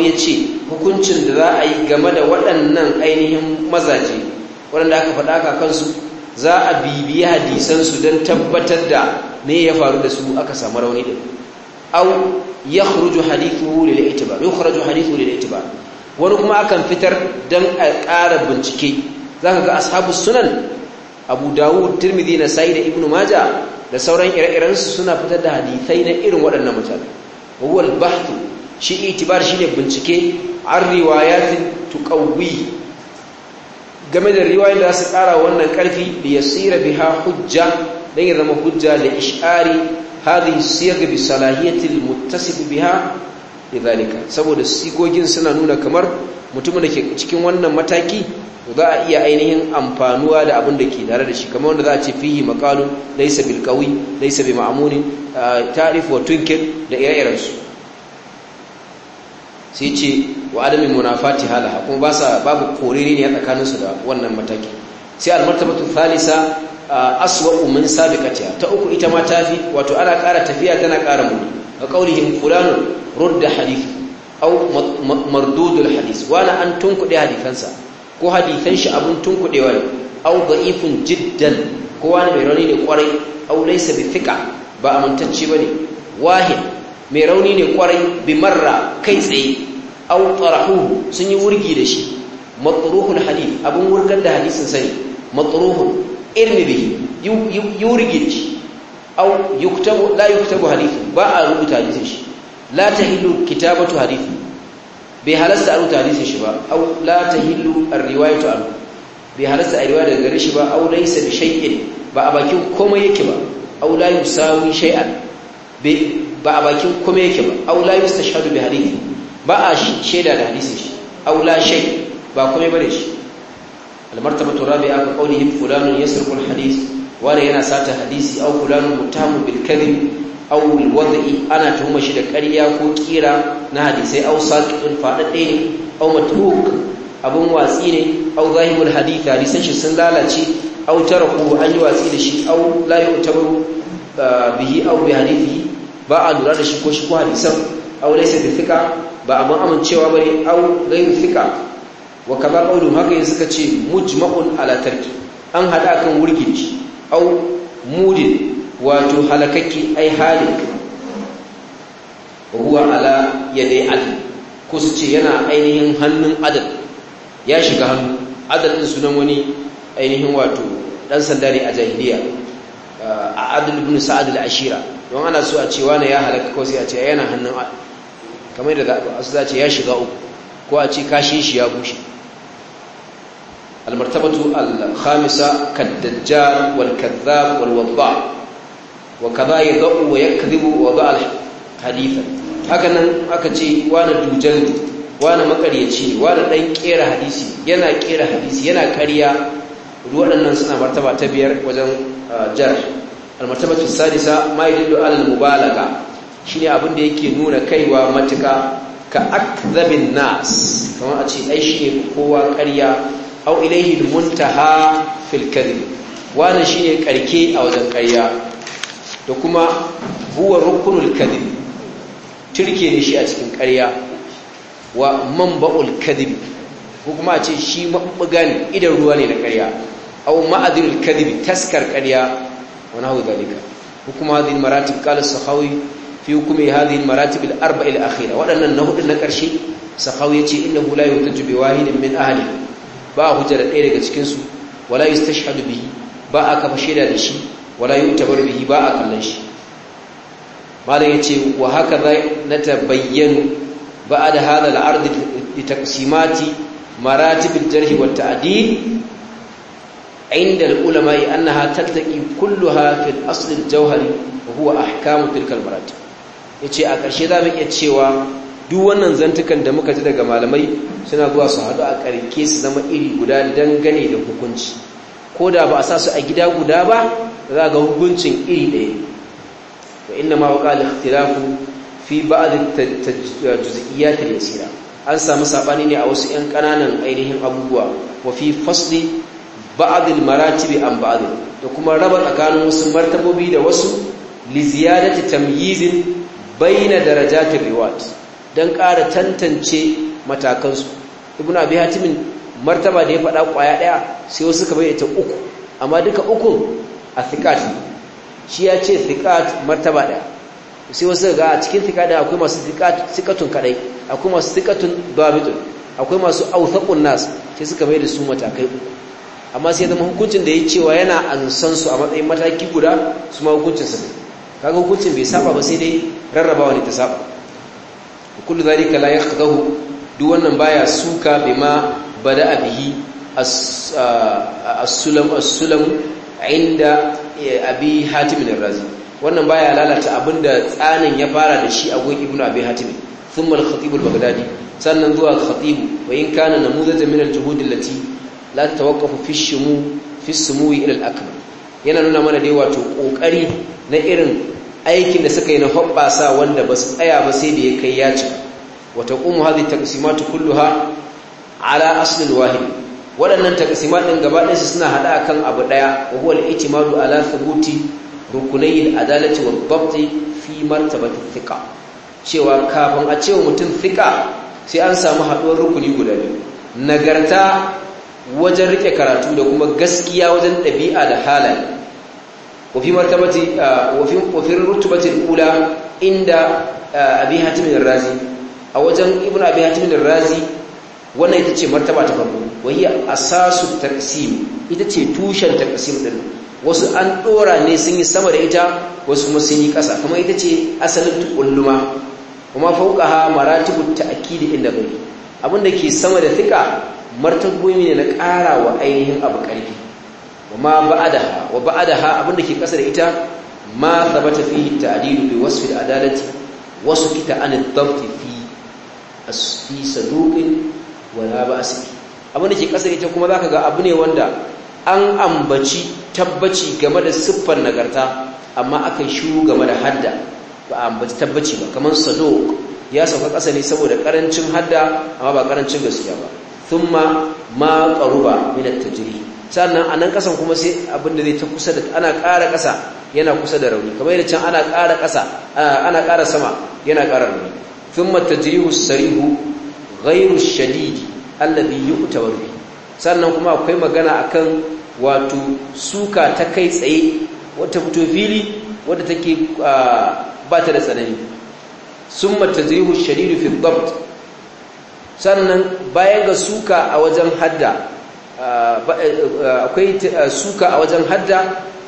Speaker 1: yace hukuncin da za a yi game da waɗannan ainihin mazaje waɗanda aka faɗa ka kansu za a bibiyi hadisansu don tabbatar da me ya faru da su aka samu rauni din aw yakhruju hadithuhu lil itibar yukhraju hadithuhu lil itibar wani kuma akan fitar don a ƙara bincike zaka ga ashabu sunan abu dawud tirmidhi na sai da ibnu maja da sauran ire-iren su suna fitar da hadisai na irin waɗannan mutane huwa al-bahth shi itibar shine bincike an riwayatin tuqawwi game da riwayoyin da su ƙara wannan ƙarfi da yasira biha hujja dan ya zama hujja da ish'ari hadhihi siyag bi salahiyatil muttasib biha lidhalika saboda sigogin suna nuna kamar mutumin da ke cikin wannan mataki to za a iya ainihin amfanuwa da abin da ke tare da shi kamar wanda za a ce fihi makalu laisa bil qawi laysa bi ma'amuni ta'rif wa tunkin da ire-iren sai ce wa adami munafati halaha kuma ba sa babu koriri ne a tsakanin su da wannan mataki sai al martabatu thalisa aswa min sabiqatiha ta uku ita ma tafi wato ana ƙara tafiya tana ƙara muni ga qaulihim fulanu rudda hadith au mardudul hadith wala an tunkuɗe hadithansa. ko hadisan shi abun tunkudewa ne au da'ifun jiddan ko wani mai rauni ne kwarai au laisa bi thiqa ba amintacce bane wahid mai rauni ne kwarai bi marra kai tsaye au tarahu sun yi wurgi da shi matruhul hadith abin wurgar da hadisin sani matruhul irmi bihi yurgi shi au yuktabu la yuktabu Hadith? ba a rubuta hadisin shi la tahillu kitabatu Hadith. bai halasta a rubuta hadisin shi ba au la tahillu ar-riwayatu anhu bai halasta a riwaya daga gare shi ba au laysa bi shay'in ba a bakin komai yake ba au la yusawi shay'an ba a bakin komai yake ba au la yustashhadu bi hadithi ba a sheda da hadisi shi au la shay ba komai bane shi al-martabatu rabi'a ka qawlihim fulanun yasriqu al-hadith wala yana sata hadisi au fulanun mutamu bil kadhib awul wada'i ana tuhuma shi da ƙarya ko kira na hadisai aw saqiqun fadadde ne aw matruk abun watsi ne aw zahibul hadith hadisan shi sun lalace aw taraku an yi watsi da shi aw la yu'tabaru ah, bihi aw bi hadithi ba a lura da shi ko shi ko hadisan aw laysa bi thika ba amma amincewa bane aw ghayru thika wa kaza qawlu haka yin suka ce mujma'un ala tarki an hada kan wurgin shi aw mudin wato halakakke ai halik huwa ala ya yadai adal ko su ce yana ainihin hannun adal ya shiga hannu adal din sunan wani ainihin wato dan sanda ne a jahiliya a adal ibn sa'ad al-ashira don ana so a ce wani ya halaka ko sai a ce yana hannun kamar da asu za ce ya shiga uku ko a ce kashin shi ya bushe المرتبة الخامسة كالدجال والكذاب والوضاع wa kaza ya za'u wa yakdhibu wa za'a hadithan haka nan aka ce wani dujal wani makaryaci wani dan kera hadisi yana kera hadisi yana karya. waɗannan suna martaba ta biyar wajen jar almartabatu sadisa ma yadullu ala mubalaga shine abin da yake nuna kaiwa matuka ka akdhabin nas kamar a ce ai shine kowa ƙarya au ilaihi muntaha fil kadhib wani shine karke a wajen karya? da kuma huwa rukunul kadib turke ne shi a cikin ƙarya wa manba'ul kadib. ko kuma a ce shi mabbuga ne idan ruwa ne na ƙarya aw ma'adil kadhib taskar ƙarya wa nahu zalika hukuma hadhihi maratib qala sahawi fi hukumi hadhihi maratib al arba'a al akhira wadannan na hudun na ƙarshe sahawi yace innahu la yutaju bi wahidin min ahli ba hujja da ɗaya daga cikin su wala yustashhadu bihi ba aka fashe da shi wala yu'tabaru bihi ba a kallon shi malam yace wa haka na tabayyanu ba'a da al-ard li da taksimati al-jarh wa at-ta'dil عند العلماء أنها تلتقي كلها في الأصل a وهو أحكام تلك Ya ce a ƙarshe za mu iya cewa duk wannan zantukan da muka ji daga malamai suna zuwa su haɗu a ƙarke su zama iri guda dangane da hukunci ko da ba a sa su a gida guda ba za ga hukuncin iri ɗaya wa inda ma waka al-ikhtilafu fi ba'd at-tajzi'iyat al-yasira an samu sabani ne a wasu 'yan ƙananan ainihin abubuwa wa fi fasli ba'd al an ba'd da kuma raba tsakanin wasu martabobi da wasu li ziyadati tamyizin baina darajatir riwat dan ƙara tantance matakansu ibnu abi hatimin martaba da ya faɗa ƙwaya ɗaya sai wasu ka bayyana uku amma duka uku a thiqat shi ya ce thiqat martaba ɗaya sai wasu ga a cikin thiqat akwai masu thiqat kadai akwai masu thiqatun dabitun akwai masu authaqun nas sai suka mai da su matakai uku amma sai zama hukuncin da ya cewa yana ansan su a matsayin mataki guda su ma hukuncin su ne kaga hukuncin bai saba ba sai dai rarrabawa ne ta saba kullu zalika la yakhdahu duk wannan baya suka bima bada abihi as-sulam as-sulam inda eh, abi hatimin razi wannan baya lalata abinda tsanin ya fara da shi a gun ibnu abi hatimin thumma bagdadi khatib al sannan zuwa khatib wa in kana namuzatan min al-juhud allati la tawaqqafu fi shimu fi sumui ila al-akbar yana nuna mana dai wato kokari na irin aikin da suka yi na hobbasa wanda ba su tsaya ba sai da ya kai ya ci wa taqumu hadhihi taqsimatu kulluha ala aslin wahid waɗannan takasimat ɗin gaba ɗinsu suna haɗa a kan abu ɗaya wa huwa al-ijtimadu ala thubuti rukunai yin adalci wa babti fi martabati thiqa cewa kafin a cewa mutum thiqa sai an samu haɗuwar rukuni guda biyu nagarta wajen rike karatu da kuma gaskiya wajen ɗabi'a da halaye wa fi martabati wa fi rutubati al-ula inda abi hatim ar-razi a wajen ibnu abi hatim ar-razi wannan ita ce martaba ta farko wahi asasu taqsim ita ce tushen taqsim din wasu an dora ne sun yi sama da ita wasu kuma sun yi kasa kuma ita ce asalin tukulluma kuma fauqaha maratibu ta'kid inda gari abinda ke sama da fika martaboyi ne na ƙara wa ainihin abu Kuma wa ba'adaha wa ba'adaha abinda ke kasa da ita ma thabata fihi ta'dilu bi wasfi al-adalati wasu kita an fi as-fi saduqin wala ba su abin abinda ke ƙasa ita kuma za ka ga abu ne wanda an ambaci tabbaci game da siffar nagarta amma aka yi shiru game da hadda ba a ambaci tabbaci ba kamar sado ya sauka ƙasa ne saboda ƙarancin hadda amma ba ƙarancin gaskiya ba sun ma qaruba min ta tajri sannan nan ƙasan kuma sai abin da zai ta kusa da ana ƙara ƙasa yana kusa da rauni kamar yadda can ana ƙara ƙasa ana ƙara sama yana ƙara rauni thumma tajrihu sarihu ghairu shadidi alladhi yu'tawar bi sannan kuma akwai magana akan wato suka ta kai tsaye wata fito fili wadda take ba ta da tsanani summa tazihu shadidu fi dhabt sannan bayan ga suka a wajen hadda akwai suka a wajen hadda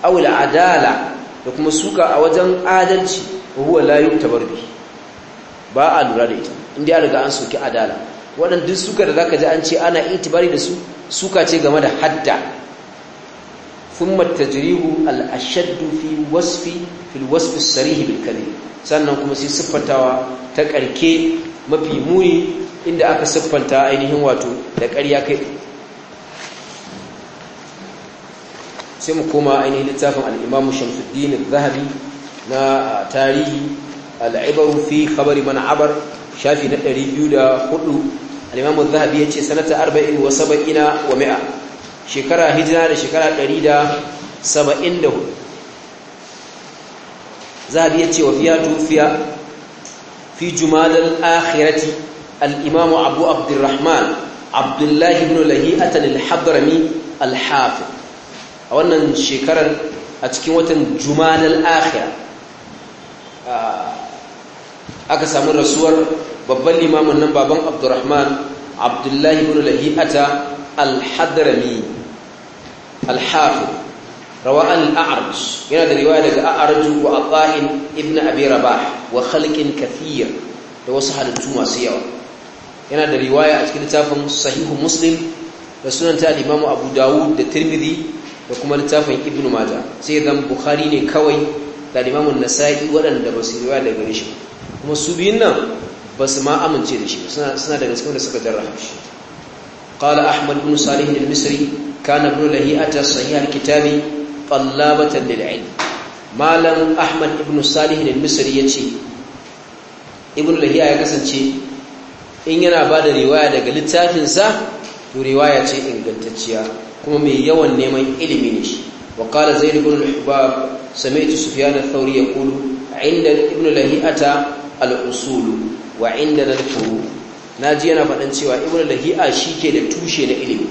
Speaker 1: awul adala da kuma suka a wajen adalci huwa la yu'tabar bi ba a lura da ita inda ya riga an soki adala waɗanda duk suka da zaka ji an ce ana itibari da su suka ce game da hadda thumma tajrihu al-ashaddu fi wasfi fi al-wasf as-sarih bil kalim sannan kuma sai siffantawa ta karke mafi muni inda aka siffanta ainihin wato da ƙarya kai sai mu koma ainihin littafin al-imam Shamsuddin al-Zahabi na tarihi al-ibaru fi khabari man shafi na 204 al-imam az-zahabi yace sanata 40 wa 70 wa 100 shekara hijira da shekara 174 zahabi yace wa fiya tufiya fi jumal al-akhirati al-imam abu abdurrahman abdullah ibn lahi'at al-hadrami al-hafiz a wannan shekarar a cikin watan jumal al-akhirah aka samu rasuwar babban limamin nan baban abdurrahman abdullahi ibn lahi'ata al-hadrami al-hafi rawa al-a'raj yana da riwaya daga a'raj wa ata'in ibn abi rabah wa khalqin kathir da wasu halittu masu yawa yana da riwaya a cikin littafin sahihu muslim da sunan ta al abu dawud da tirmidhi da kuma littafin ibn maja sai dan bukhari ne kawai da limamin nasa'i waɗanda ba su riwaya daga rishi kuma su biyun nan ba su ma amince da shi suna daga cikin da suka jarraha shi qala ahmad ibn salih al-misri kana ibn lahiyata sahih al-kitabi talabatan lil-ilm malam ahmad ibn salih al-misri yace ibn lahiya ya kasance in yana ba da riwaya daga littafin sa to riwaya ce ingantacciya kuma mai yawan neman ilimi ne shi wa qala zaid ibn al-hubab sami'tu sufyan ath-thawri yaqulu 'inda ibn lahiyata al usulu wa inda na furu na ji yana faɗin cewa ibn lahi'a shi ke da tushe na ilimi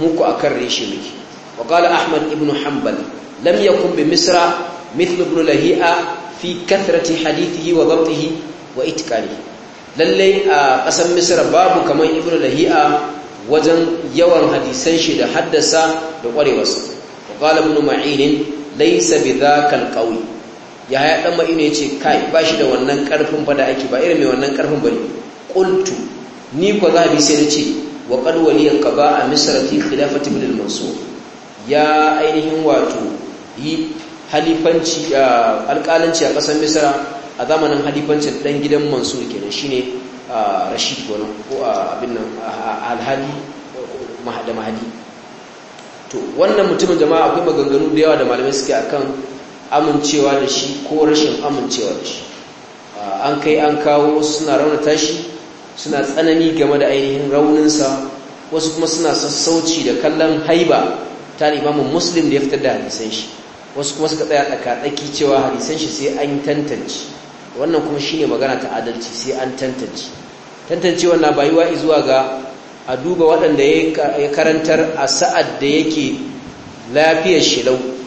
Speaker 1: muku a kan reshe muke wa kala ahmad ibn hanbal lam yakun bi misra mithl ibn lahi'a fi kathrati hadithihi wa dhabtihi wa itqani lalle a ƙasar misra babu kamar ibn lahi'a wajen yawan hadisan shi da haddasa da ƙwarewarsa wa kala ibn ma'in laisa bi dhaka al ya haya dan ma'ina ya ce kai ba shi da wannan karfin ba da ake ba irin mai wannan karfin ba ne qultu ni ko bi sai na ce wa qad ka qaba a misra fi khilafati ibn al-mansur ya ainihin wato yi halifanci alƙalanci a ƙasar misra a zamanin halifancin dan gidan mansur kenan shine rashid wani ko abin nan da mahadi to wannan mutumin jama'a akwai maganganu da yawa da malamai suke akan amincewa da shi ko rashin amincewa da shi an kai an kawo suna raunata shi suna tsanani game da ainihin rauninsa wasu kuma suna sassauci da kallon haiba ta limamin muslim da ya fitar da hadisan shi wasu kuma suka tsaya tsakatsaki cewa hadisan shi sai an tantance wannan kuma shine magana ta adalci sai an tantance tantance wannan bayuwa i zuwa ga a duba waɗanda ya karantar a sa'ad da yake lafiyar shilau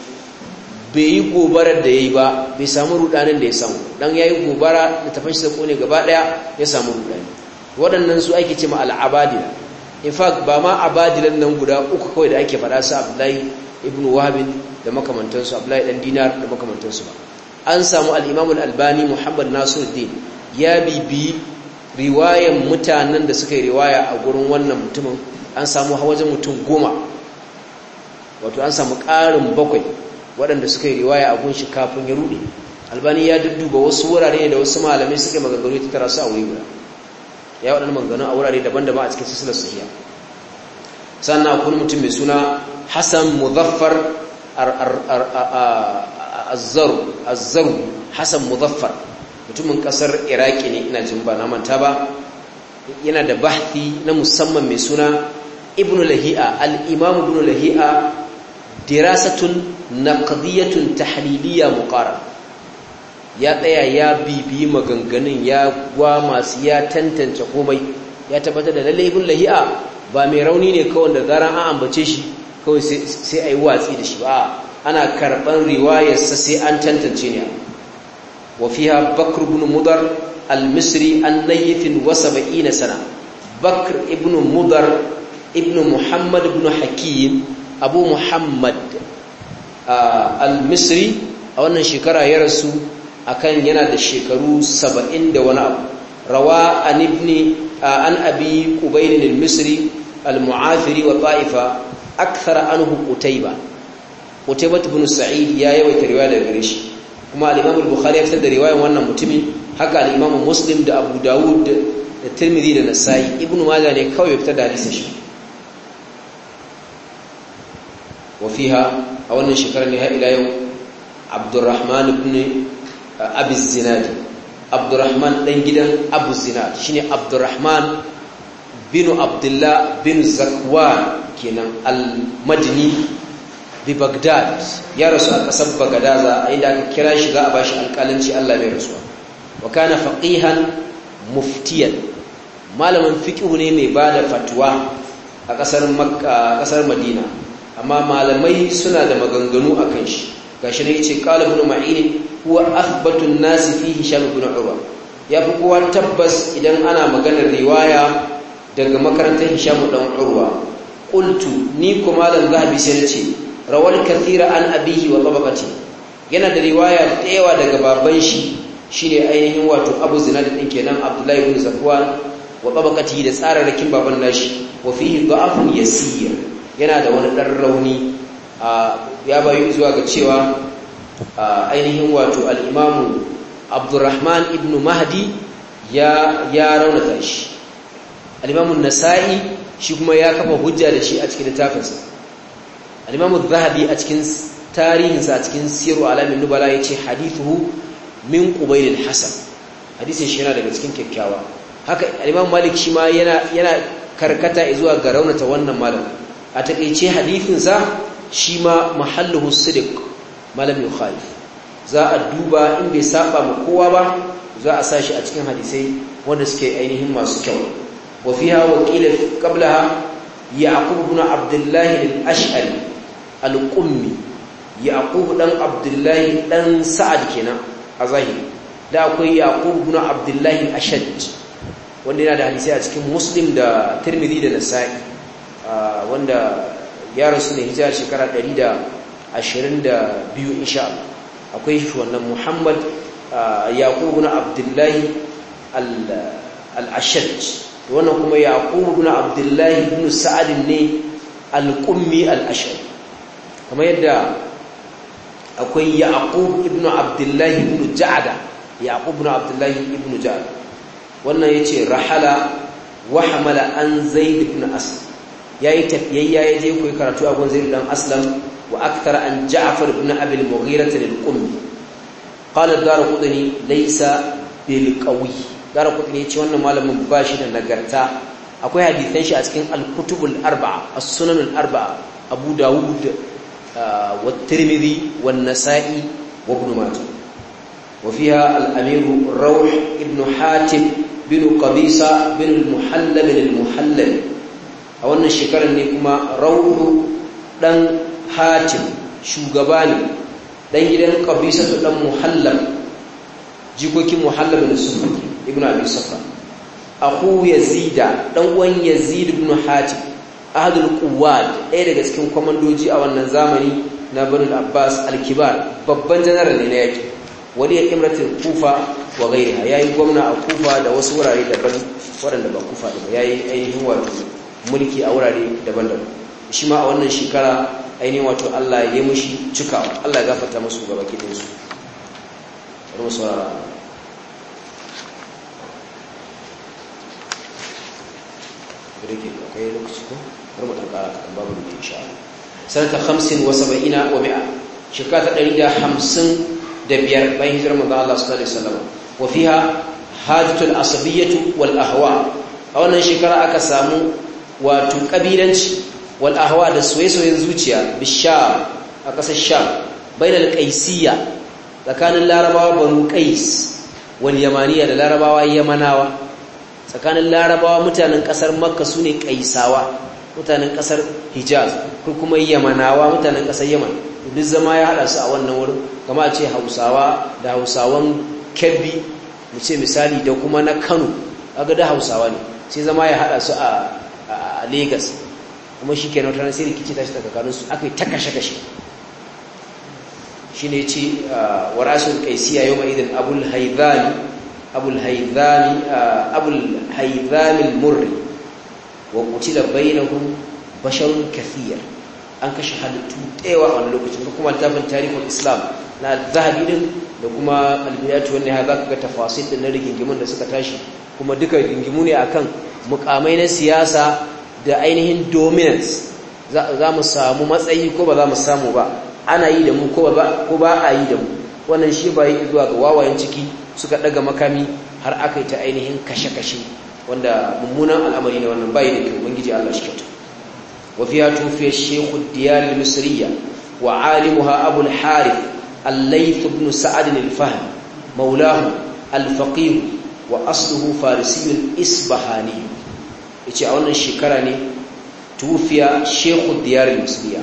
Speaker 1: bai yi gobarar da ya yi ba bai samu rudanin da ya samu dan ya yi gobara da tafashi sa kone gaba daya ya samu rudani waɗannan su ake ce ma al'abadila in fact ba ma abadilan nan guda uku kawai da ake faɗa su abdullahi ibn wahabin da makamantansu abdullahi dan dinar da makamantansu ba an samu al'imamun albani muhammad nasiruddin ya bibi riwayan mutanen da suka yi riwaya a gurin wannan mutumin an samu wajen mutum goma wato an samu ƙarin bakwai waɗanda suka yi riwaya a gunshi kafin ya rude albani ya dudduba wasu wurare da wasu malamai suke maganganu ta tara su a wuri guda ya waɗanda maganganu a wurare daban-daban a cikin su sahiha sannan akwai mutum mai suna Hassan Muzaffar Azzaru Hassan Muzaffar mutumin kasar Iraki ne ina jin ba na manta ba yana da bahti na musamman mai suna Ibn Lahi'a al-Imam Ibn Lahi'a dirasatun naqdiyatun tahliliya muqara ya tsaya ya bibiyi maganganun ya gwa masu ya tantance komai ya tabbatar da lalle ibn lahi'a ba mai rauni ne kawai da zaran an ambace shi kawai sai yi watsi da shi ba ana karban riwayar sa sai an tantance ne wa fiha bakr ibn mudar al-misri an naythin wa 70 sana bakr ibn mudar ibn muhammad ibn hakim abu muhammad uh, al-misri a wannan shekara ya rasu akan yana da shekaru saba'in da wani abu rawa an ibni uh, an abi qubayn al-misri al-mu'athiri wa ta'ifa akthara anhu qutayba qutayba ibn sa'id ya yawaita riwaya daga gare shi kuma al-imam al-bukhari ya fitar da riwayan wannan mutumin haka al-imam muslim da abu dawud da tirmidhi da nasa'i ibn majah ne kawai ya fitar da hadisin shi wafiha a wannan shekarar ne har ila yau abdurrahman ibn uh, abu abdurrahman ɗan gidan abu shine abdurrahman binu abdullah bin zakwan kenan al-madini bi bagdad ya rasu a ƙasar bagadaza a inda aka kira shi za a bashi alƙalanci allah mai rasuwa wa kana faqihan muftiyan malamin fiqhu ne mai da fatwa a ƙasar ƙasar madina amma malamai suna da maganganu a kan shi shi ne yace qala ibn ma'in kuwa akhbatun nasi fi hisham ibn urwa fi kowa tabbas idan ana maganar riwaya daga makarantar hisham dan urwa qultu ni kuma malam zahabi sai ce rawal kathira an abihi wa tabaqati yana da riwaya da yawa daga baban shi shine ainihin wato abu zinad din kenan abdullahi ibn zakwan wa tabaqati da tsararrakin baban nashi wa fihi da'afun yasir yana da wani ɗan rauni ya bayu zuwa ga cewa ainihin wato al'imamu abdurrahman ibn mahdi ya raunata shi al'imamun nasa'i shi kuma ya kafa hujja da shi a cikin littafinsa al'imamun zahabi a cikin tarihinsa a cikin siru alamin nubala ya ce hadithu min ƙubailin Hassan. hadisun shi yana daga cikin kyakkyawa haka al'imamun malik shi ma yana karkata zuwa ga raunata wannan malamin a taƙaice hadithin sa shi ma mahalluhu sidiq malam yukhalif za a duba in bai saba ma kowa ba za a sashi a cikin hadisai wanda suke ainihin masu kyau wa fiha wa qila qablaha yaqub ibn abdullah al-ash'ari al-qummi yaqub dan abdullah dan sa'ad kenan a zahiri da akwai yaqub ibn abdullah al-ashad wanda yana da hadisi a cikin muslim da tirmidhi da nasa'i wanda ya rasu ne hijira shekara 122 insha Allah akwai shi wannan Muhammad Yaqub ibn Abdullahi al-Ashaj wannan kuma Yaqub ibn Abdullahi ibn Sa'ad ne al-Qummi al-Ashaj kuma yadda akwai Yaqub ibn Abdullahi ibn Ja'da Yaqub ibn Abdullahi ibn Ja'da wannan yace rahala wa hamala an Zaid ibn Asad yayi tafiyayya ya je koyi karatu a gun dan aslam wa akthar an ja'far ibn abi al-mughira al-qummi qala ad-darqutni laysa bil qawi darqutni yace wannan malamin ba shi da nagarta akwai hadisan shi a cikin al-kutubul arba'a as-sunan al-arba'a abu dawud ah, wa at-tirmidhi wa an-nasa'i wa ibn majah وفيها الأمير روح ابن حاتم Bin قبيصة بن المحلب المحلب a wannan shekarar ne kuma rauru dan hatim shugaba ne dan gidan da dan muhallam jikokin muhallam da su ibnu abi safa aku yazida dan uwan yazid ibn hatim ahadul quwwat ɗaya daga cikin komandoji a wannan zamani na banu abbas al-kibar babban general ne na yaki wani ya imratin kufa wa gaira yayi gwamna a kufa da wasu wurare daban waɗanda ba kufa da yayi ainihin wato mulki a wurare daban-daban shi ma a wannan shekara ainihin wato Allah ya mushi cika Allah ya gafarta musu gaba kidan su sanata ina wa 100 shekara ta 150 da biyar bayan hijirar manzon Allah sallallahu alaihi wasallam wa fiha hajjatul asabiyyah wal ahwa a wannan shekara aka samu wato kabilanci wal ahwa da soyayya zuciya bisham a kasar sham bainal qaisiyya tsakanin larabawa banu qais wal yamaniya da larabawa yamanawa tsakanin larabawa mutanen kasar makka sune qaisawa mutanen kasar hijaz ko kuma yamanawa mutanen kasar yaman duk zama ya hada su a wannan wurin kama a ce hausawa da hausawan kebbi mu ce misali da kuma na kano aga da hausawa ne sai zama ya hada su a a Legas kuma shi kenan wata sai rikici tashi daga kanun su aka yi ta kashe kashe shi ne ce ah, wa rasul kaisiya yau mai idin abul haidhani abul haidhani ah, abul haidhani murri wa basharun kafiyar an kashe halittu ɗewa a wani lokacin kuma littafin tarihin islam na zahabi din da kuma albiyatu wani ha za ka ga tafasil da na rigingimun da suka tashi kuma duka rigingimu ne akan mukamai na siyasa da ainihin dominance za mu samu matsayi ko ba za mu samu ba ana yi da mu ko ba a yi da mu wannan shi ba yi zuwa ga wawayen ciki suka daga makami har aka yi ta ainihin kashe-kashe wanda mummunan al'amari ne wannan bayi da kyau ubangiji Allah shi kyautu wa fiya tufiya shekhu diyar misriya wa alimuha abu al-harith al ibn sa'ad al maulahu al-faqih wa asluhu farisiyyun isbahani yace a wannan shekara ne tufiya shekhu diyar misriya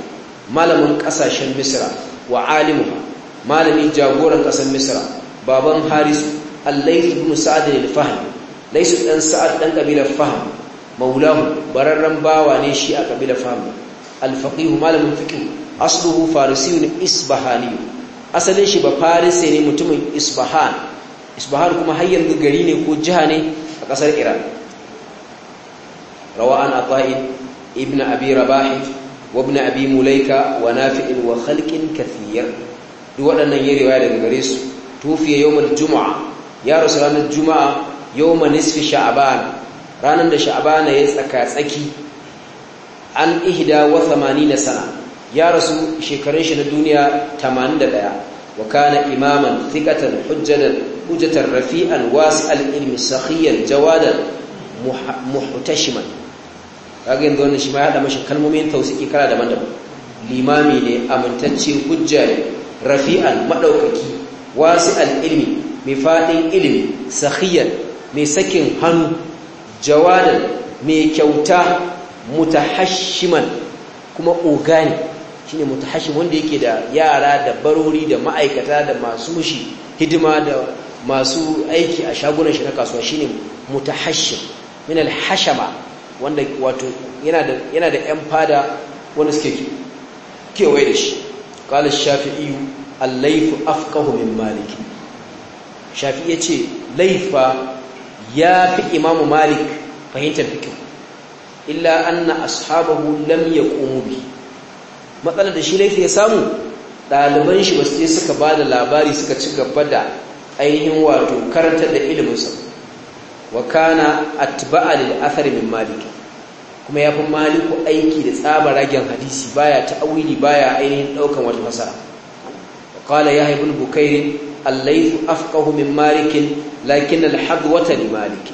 Speaker 1: malamin kasashen misra wa alimuha malamin jagoran kasar misra baban haris al-layth ibn sa'd al-fahm laysu dan sa'ad dan kabilar fahm maulahu bararran bawa ne shi a kabilar fahm al-faqih malamin fiqh asluhu farisiyun isbahani asalin shi ba farise ne mutumin isbahan isbahan kuma har yanzu gari ne ko jiha ne a kasar iran rawa'an aqaid ibn abi rabah wa ibn abi mulaika wa nafi' wa khalqin kathir duk wadannan yi riwaya daga gare su tufiya yawmal jumu'a ya rusulana jumu'a yawma nisfi sha'ban ranar da sha'ban ya tsaka tsaki an ihida wa 80 sana ya rasu shekarun shi na duniya 81 wa kana imaman thiqatan hujjatan hujjatan rafi'an wasi'al ilmi sakhiyan jawadan muhtashiman kaga yanzu wannan shi ma ya haɗa mashi kalmomin tausiki kala daban-daban limami ne amintacce hujja ne rafi'an maɗaukaki wasu al'ilmi mai faɗin ilimi sahiyar mai sakin hannu jawadan mai kyauta mutahashiman kuma ogani shine mutahashim wanda yake da yara da barori da ma'aikata da masu shi hidima da masu aiki a shagunan shi na kasuwa shine mutahashim min alhashama wanda wato yana da 'yan fada wanda suke kewaye da shi kala shafi'i allaifu afkahu afqahu min malik shafi'i yace laifa ya fi imam malik fahimtar fiqh illa anna ashabahu lam yaqumu bi matsalar da shi laifi ya samu ɗaliban shi ba su suka ba da labari suka ci gaba da ainihin wato karanta da ilimin iliminsa wakana atba'a lil athar min malik kuma yafi maliku aiki da tsaba ragen hadisi baya ta'awili baya ainihin daukan wata fasara qala yahya ibn bukair al-layth afqahu min malik lakin al-hadwata li malik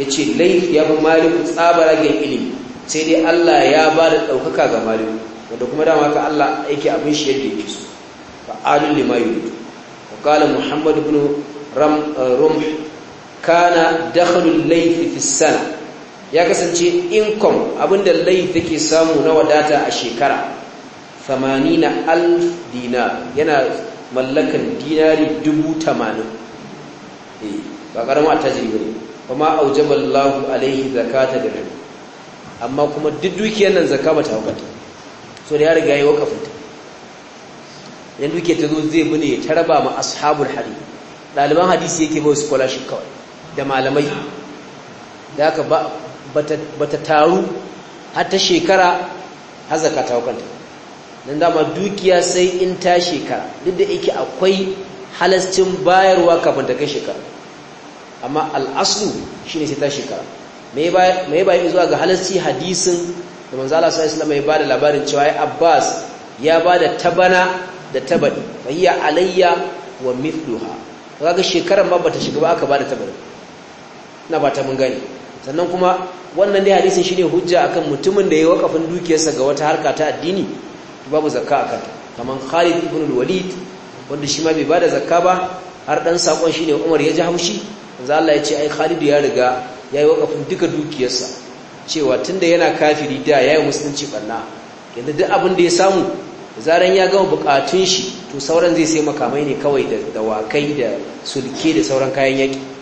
Speaker 1: yace layth yafi maliku tsaba ragen ilimi sai dai Allah ya ba da daukaka ga maliku wanda kuma dama ka Allah aiki abin shi yadda yake so fa'alul lima yurid qala muhammad ibn ram eh, rumh kana dakhlul layth fi sana ya kasance income abinda layth take samu na wadata a shekara 80000 dinar yana mallakan dinari 80000 eh ba karama tajiri ne kuma aujaballahu alaihi zakata da dirham amma kuma duk dukiyar nan zakka bata hukata so da ya riga yayi wakafinta idan dukiyar ta zo zai bune ya tarba ma ashabul hadith daliban hadisi yake ba scholarship kawai da malamai da aka ba ta taru har ta shekara har ta kanta don dama dukiya sai in ta shekara duk da yake akwai halascin bayarwa kafin ta kai shekara amma al'asu shi ne sai ta shekara mai bayan zuwa ga halasci hadisin da manzala sai islam mai ba da labarin cewa ya abbas ya ba da tabana da tabani fahiyya alayya wa mithluha kaga shekaran ba bata shiga ba aka ba da tabana na ba ta mun gani sannan kuma wannan dai hadisin shine hujja akan mutumin da ya wakafin dukiyarsa ga wata harka ta addini babu zakka akan kaman Khalid ibn al-Walid wanda shi ma bai bada zakka ba har dan sakon shine Umar ya ji haushi manzo Allah ya ce ai Khalid ya riga yayi wakafin duka dukiyarsa cewa tunda yana kafiri da yayi musulunci banna yanzu duk abin da ya samu zaran ya gama bukatun shi to sauran zai sai makamai ne kawai da dawakai da sulke da sauran kayan yaki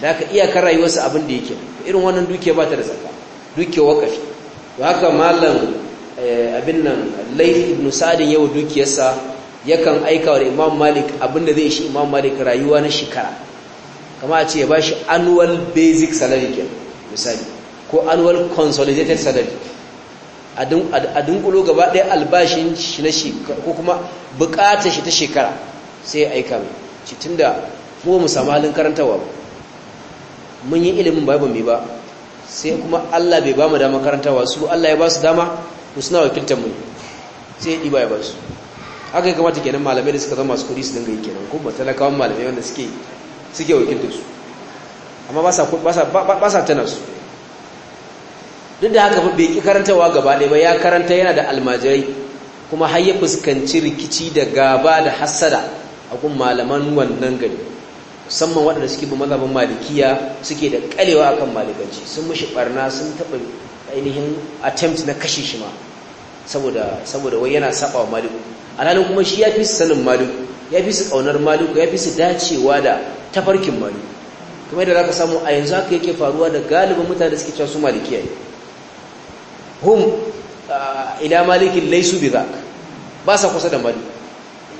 Speaker 1: da aka iyakar rayuwarsa abin da yake irin wannan dukiya ba ta da zakka dukiya wakafi to haka malam eh, abin nan laif ibn sadin yau dukiyarsa yakan aika wa imam malik abin da zai shi imam malik rayuwa na shekara kama a ce ya bashi shi annual basic salary kenan misali ko annual consolidated salary a dunkulo gaba ɗaya albashin shi na shekara ko kuma bukatar shi ta shekara sai ya aika mai shi tun da mu mu samu halin karantarwa ba mun yi ilimin ba mu ba sai kuma Allah bai ba mu dama karantawa su Allah ya ba su dama ku suna wakiltar mu sai ya diba ya ba su haka yi kamata kenan malamai da suka zama masu kudi su dinga yi kenan ko ba talakawan malamai wanda suke suke wakiltar su amma ba sa sa ba sa tana su duk da haka bai ki karantawa gaba ɗaya ba ya karanta yana da almajirai kuma har ya fuskanci rikici da gaba da hassada a kun malaman wannan gari musamman waɗanda suke bin mazhabin malikiya suke da kalewa akan malikanci sun mushi barna sun taɓa ainihin attempt na kashe shi ma saboda wai yana saba wa maliku alhalin kuma shi ya fi su sanin maliku ya fi su ƙaunar maliku ya fi su dacewa da tafarkin maliku kuma yadda za ka samu a yanzu haka yake faruwa da galibin mutane suke cewa su malikiya ne hum ila malikin laisu bi ba sa kusa da maliku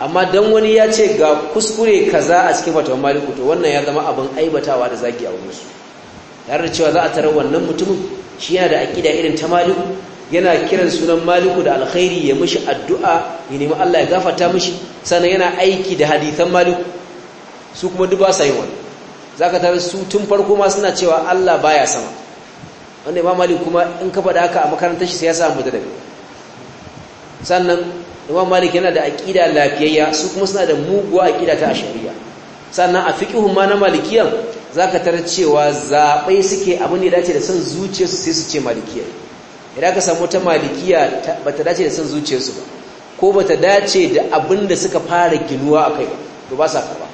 Speaker 1: amma dan wani ya ce ga kuskure kaza a cikin fatan maliku to wannan ya zama abin aibatawa da zagi a wurinsu tare da cewa za a tarar wannan mutumin shi yana da aƙida irin ta maliku yana kiran sunan maliku da alkhairi ya mishi addu'a ya nemi Allah ya gafarta mishi sannan yana aiki da hadisan maliku su kuma duk ba sa yi wani zaka tarar su tun farko ma suna cewa Allah baya sama wannan imam maliku kuma in ka faɗa haka a makarantar shi sai ya samu da sannan imam malik yana da aqida lafiyayya su kuma suna da muguwa aqida ta ashariya sannan a fiqihun ma na malikiyan zaka tarar cewa zabai suke abin da dace da san zuciyarsu sai su ce malikiya idan ka samu ta malikiya bata dace da san zuciyarsu ba ko bata dace da abinda suka fara ginuwa akai to ba sa kaba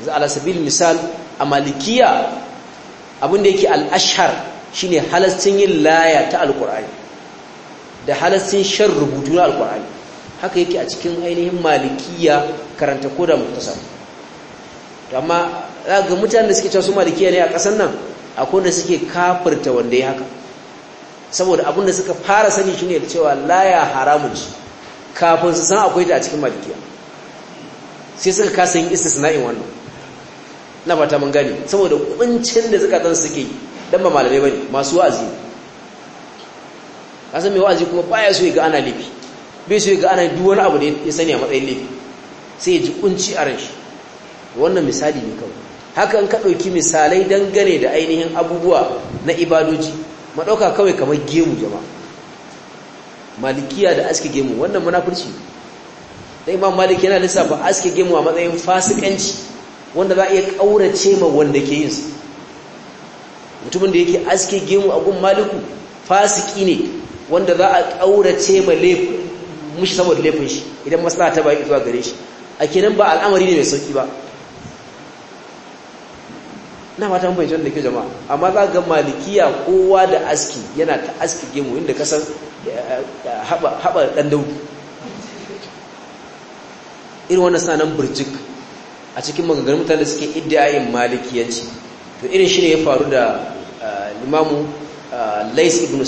Speaker 1: yanzu ala sabil misal a malikiya abin da yake al-ashhar shine halastin yin laya ta alqur'ani da halastin shan rubutu na alqur'ani haka yake a cikin ainihin malikiya karanta ko da muktasar amma ga mutanen da suke cewa su malikiya ne a ƙasar nan akwai da suke kafirta wanda ya haka saboda abinda suka fara sani shine da cewa laya haramun shi. kafin su san akwai ta a cikin malikiya sai suka kasa yin istisna'in wannan na fata mun gani saboda kuncin da zakatan suke yi dan ba malamai bane masu wa'azi kasan mai wa'azi kuma baya so ya ga ana lifi bai so ga ana duk wani abu da ya sani a matsayin laifi sai ya ji kunci a ran shi wannan misali ne kawai haka in ka ɗauki misalai dangane da ainihin abubuwa na ibadoji maɗauka kawai kamar gemu jama malikiya da aske gemu wannan munafurci da imam malik yana lissafa aske gemu a matsayin fasikanci wanda za a iya ƙaurace ma wanda ke yin su mutumin da yake aske gemu a gun maliku fasiki ne wanda za a ƙaurace ma mushi saboda laifin shi idan maslaha ta bayi zuwa gare shi a kenan ba al'amari ne mai sauki ba na fata mun bayyana da ke jama'a amma za ga malikiya kowa da aski yana ta aski gemu inda kasan eh, eh, haba haba dan daudu irin wannan sanan burjik a cikin maganganun mutane da suke iddiyayin malikiyanci to irin shi ne ya faru da eh, limamu lais ibn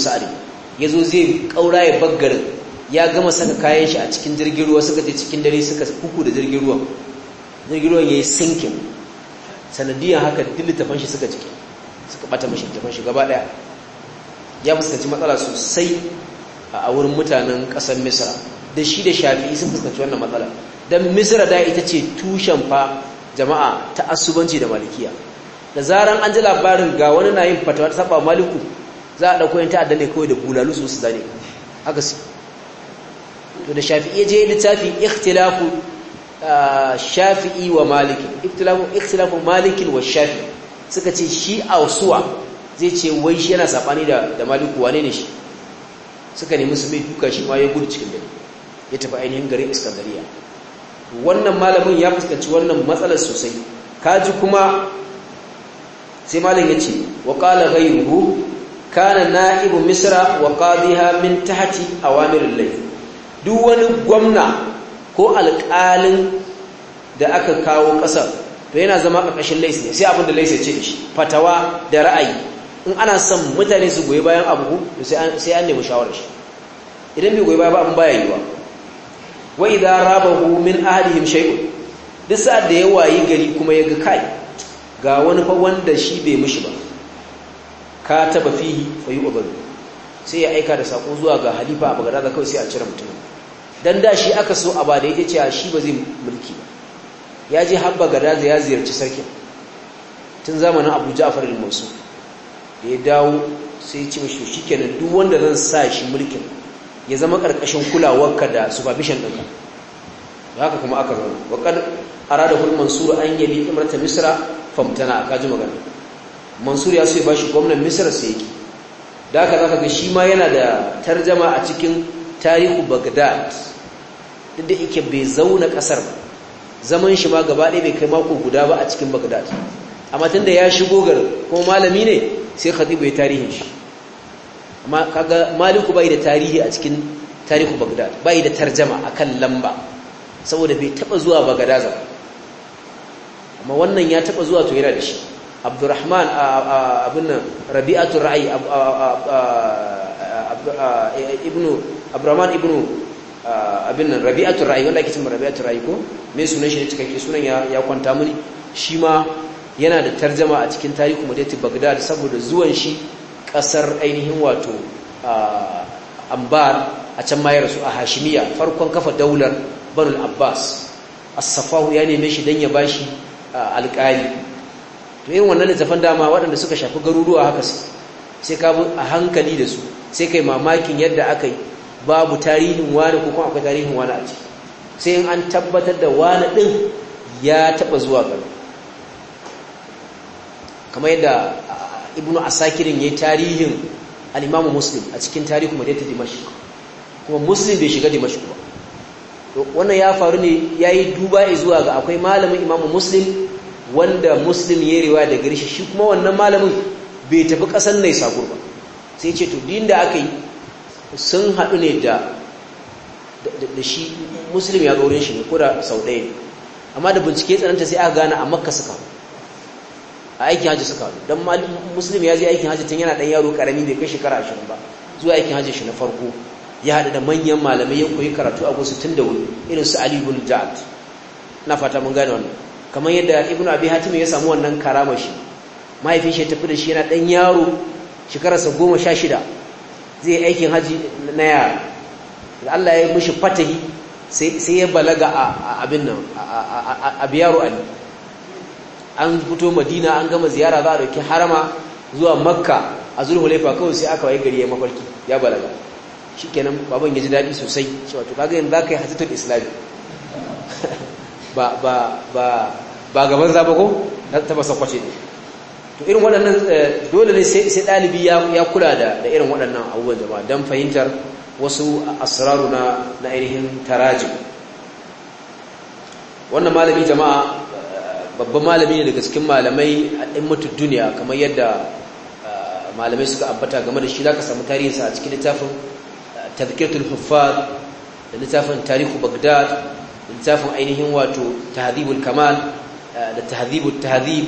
Speaker 1: ya zo zai kaura ya baggarin ya gama saka kayan shi a cikin jirgin ruwa suka je cikin dare suka kuku da jirgin ruwa jirgin ruwan yi sinkin sanadiyan haka duk fanshi shi suka ciki suka bata mishi littafan shi gaba daya ya fuskanci matsala sosai a wurin mutanen kasar misra da shi da shafi sun fuskanci wannan matsala don misra da ita ce tushen fa jama'a ta asubanci da malikiya da zaran an ji labarin ga wani na yin fatawa ta saba maliku za a ɗauko yin ta'adda ne kawai da bulalu su su zane haka to da shafi'i je littafi ikhtilafu shafi'i wa maliki ikhtilafu ikhtilafu maliki wa shafi suka ce shi a suwa zai ce wai shi yana sabani da da maliku wane ne shi suka nemi su mai duka shi ma ya gudu cikin dare ya tafi ainihin gare iskandariya wannan malamin ya fuskanci wannan matsalar sosai kaji kuma sai malamin yace wa qala ghayruhu kana na'ibu misra wa qadiha min tahti awamirin layl duk wani gwamna ko alƙalin da aka kawo ƙasar to yana zama ƙarƙashin lais ne sai abin da laisi ya ce shi fatawa da ra'ayi in ana son mutane su goyi bayan abu to sai an nemi shawarar shi idan bai goyi bayan ba abin baya yiwa wa idza rabahu min ahlihim shay'u duk sa'ad da ya wayi gari kuma ya ga kai ga wani fa wanda shi bai mishi ba ka taba fihi fa yu'badu sai ya aika da sako zuwa ga halifa a bagadaza kawai sai a cire mutum dan da shi aka so a ba da ya cewa shi ba zai mulki ba ya je har da ya ziyarci sarkin tun zamanin abu ja'far al-musu da ya dawo sai ya ce shikenan duk wanda zan sa shi mulkin ya zama karkashin kulawarka da supervision ɗinka haka kuma aka zama waƙar arada hul mansur an yabi imrata misra famtana kaji magana mansur ya so ya bashi gwamnan misra sai yake da haka zaka ga shi ma yana da tarjama a cikin tarihu bagdad duk da yake bai zauna kasar zaman shi ma gaba ɗaya bai kai mako guda ba a cikin Baghdad amma da ya shigo garin kuma malami ne sai khatibu ya tarihin shi amma kaga maliku bai da tarihi a cikin tarihu bagdad bai da tarjama akan lamba saboda bai taba zuwa Baghdad amma wannan ya taba zuwa to yana da shi abdurrahman abin rabi'atul ra'ayi ibnu abdurrahman ibnu abin nan rabi'atul ra'ayi wanda ake cewa rabi'atul ra'ayi ko me sunan shi ne cikakke sunan ya kwanta muni shi ma yana da tarjama a cikin tarihi mudati bagdad saboda zuwan shi kasar ainihin wato ambar a can ma rasu a hashimiya farkon kafa daular banul abbas as-safahu ya neme shi dan ya bashi alƙali to yin wannan littafan dama waɗanda suka shafi garuruwa haka su sai ka a hankali da su sai kai mamakin yadda aka yi babu tarihin wani ko kuma akwai tarihin wani a ciki sai yin an tabbatar da wani ɗin ya taɓa zuwa gari kamar yadda ah, ibn asakirin ya yi tarihin al'imamu muslim a cikin tarihin madaita dimashi kuma muslim bai shiga dimashi ba wannan ya faru ne ya yi duba zuwa ga akwai malamin imamu muslim wanda muslim ya riwa da gari shi kuma wannan malamin bai tafi kasan nai isa gurba sai ce to din da aka yi sun haɗu ne da da shi muslim ya gaurin shi ne ko da sau ɗaya ne amma da bincike tsananta sai aka gane a makka suka a aikin hajji suka haɗu don muslim ya je aikin hajji tun yana ɗan yaro ƙarami bai kai shekara ashirin ba zuwa aikin hajji shi na farko ya haɗu da manyan malamai ya koyi karatu a gosu tun da wuri irin su ali bin ja'ad na fata mun gane wannan kamar yadda ibnu abi hatim ya samu wannan karama shi mahaifin shi tafi da shi yana dan yaro shekararsa goma sha shida zai yi aikin haji na yara da Allah ya yi mishi fatahi sai ya balaga a abin nan a biyaru ali an fito madina an gama ziyara za a dauki harama zuwa makka a hulaifa kawai sai aka wai gari ya mafarki ya balaga shikenan baban ya ji daɗi sosai cewa to kaga yanzu za ka yi hatatul islami ba ba gaban za ba ko na taba sakwace ne to irin waɗannan eh, dole ne sai ɗalibi ya kula da da irin waɗannan abubuwan jama'a don fahimtar wasu asraru na ainihin taraji. wannan malami jama'a eh, babban malami ne daga cikin malamai a ɗimmatu duniya kamar yadda eh, malamai suka ambata game da shi za ka samu tarihinsa a cikin littafin tafkirtul huffaz da littafin tarihu bagdad littafin ainihin wato tahdhibul kamal da tahdhibu tahdhib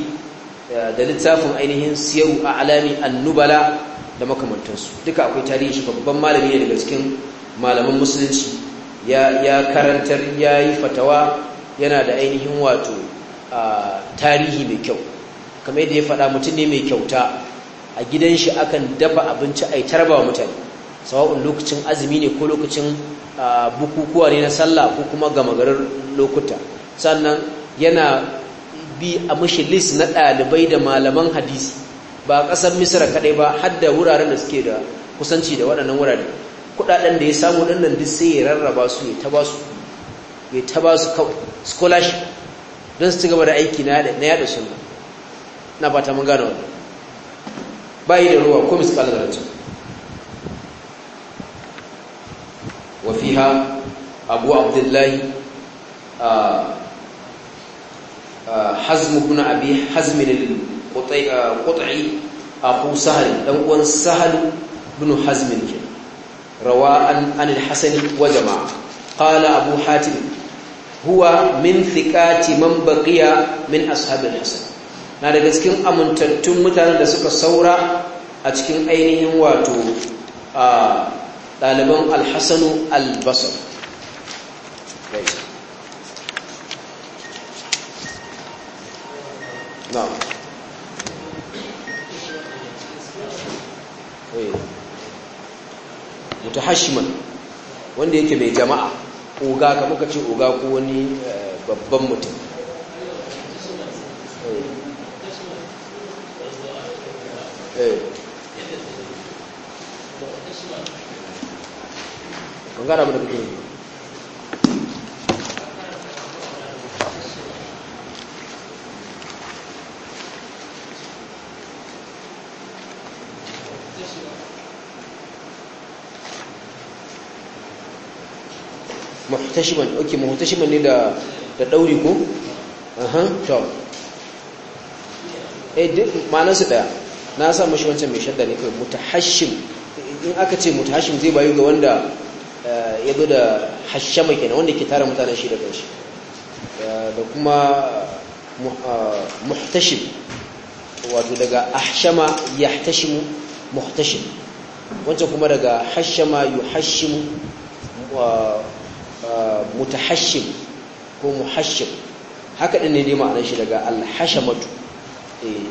Speaker 1: da littafin ainihin siyaru a alami annubala da makamantansu duka akwai tarihi shi babban malami ne daga cikin malaman musulunci ya karantar yayi fatawa yana da ainihin wato tarihi mai kyau kamar yadda ya faɗa mutum ne mai kyauta a gidan shi akan dafa abinci a tarba wa mutane sawa'un lokacin azumi ne ko lokacin bukukuwa ne na sallah ko kuma gama garin lokuta sannan yana bi a mashi lis na ɗalibai da malaman hadisi ba ƙasar misira kaɗai ba har wuraren da suke da kusanci da waɗannan wurare kuɗaɗen da ya samu ɗannan duk sai ya rarraba su ya ta ba su ya ta ba su skolashi don su ci gaba da aiki na yaɗa suna na ba ta mun gane ba yi da ruwa ko miskalar wafiha abu abdullahi ah, hazm ibn abi hazm al-qut'i abu sahal uwan sahal ibn hazm ke rawa an al-hasan wa jama'a qala abu hatim huwa min thiqati man baƙiya min ashabil hasan na daga cikin amintattun mutanen da suka saura a cikin ainihin wato ɗaliban alhassanu albasar نعم eh. mutahashiman wanda yake mai jama'a oga ka muka ce oga ko wani eh, babban mutum ƙangara eh. mu da muhtashiman ok muhtashiman ne da ɗauri dauri ko aha to eh duk ma'anar daya na sa mashi wancan mai shadda ne kai mutahashim in aka ce mutahashim zai bayu ga wanda eh, ya zo da hashama kenan wanda ke tara mutane shi da kanshi eh, da kuma eh, muhtashim wato daga ahshama yahtashimu muhtashim wancan kuma daga hashama hashimu. mutahashim ko muhashim haka ɗin ne dai ma'anar shi daga alhashamatu eh,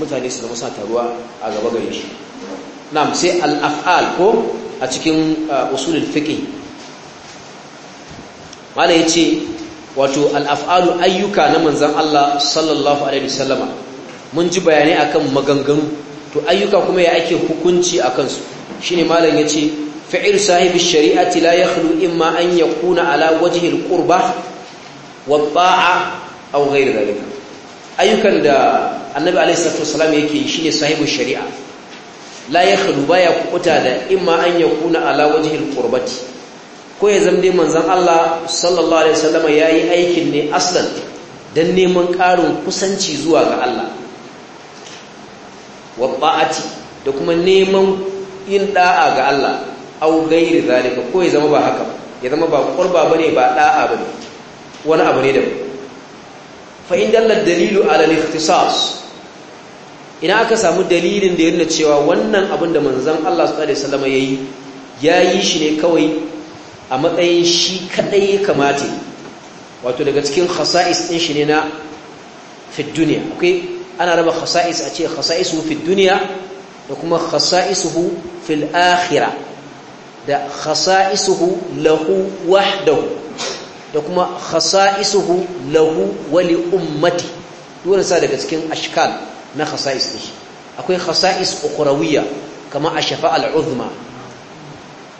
Speaker 1: mutane su zama sa taruwa a gaba gare shi na'am sai al'af'al ko a cikin uh, usulul fiqh ya ce wato al'af'alu ayyuka na manzan Allah sallallahu alaihi wasallama mun ji bayanai akan maganganu to ayyuka kuma ya ake hukunci akan su shine ya ce. fi'il sahibi shari'ati la in ma an yakuna ala wajhi al-qurba wa ta'a aw ghayr dhalika ayyukan da annabi alayhi salatu shi ne shine sahibi shari'a la yakhlu baya kukuta da in ma an yakuna ala wajhi al-qurbati ko ya zamde manzon Allah sallallahu alaihi wasallam yayi aikin ne aslan dan neman ƙarin kusanci zuwa ga Allah wa ta'ati da kuma neman yin da'a ga Allah au gairi zalika ko ya zama ba haka ya zama ba qurba bane ba da'a bane wani abu ne da fa in dalla dalilu ala al-ikhtisas ina aka samu dalilin da ya nuna cewa wannan abin da manzon Allah sallallahu alaihi wasallam yayi yayi shi ne kawai a matsayin shi kadai kamata wato daga cikin khasa'is din shi ne na fi duniya okay ana raba khasa'is a ce khasa'isuhu fi duniya da kuma khasa'isuhu fil akhirah da khasa'isuhu lahu wahdahu da kuma khasa'isuhu lahu wali ummati dole sa daga cikin ashkal na khasa'is din akwai khasa'is ukhrawiyya kama ashfa al-uzma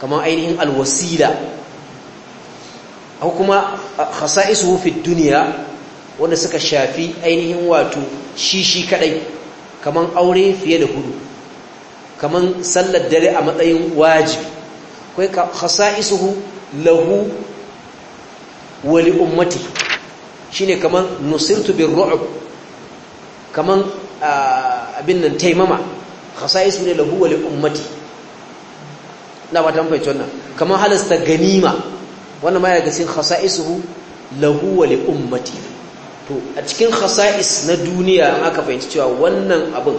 Speaker 1: kama ainihin al-wasila ko kuma khasa'isuhu fi dunya wanda suka shafi ainihin wato shi shi kadai kaman aure fiye da hudu kaman sallar dare a matsayin wajibi akwai khasa'isuhu lahu wa li ummati shine kaman nusirtu birru'b kaman abin nan taimama khasa'isu ne lahu wa li ummati na ba tan fahimci wannan kaman halasta ganima wannan ma ya ga sin khasa'isuhu lahu wa li ummati to a cikin khasa'is na duniya an aka fahimci cewa wannan abin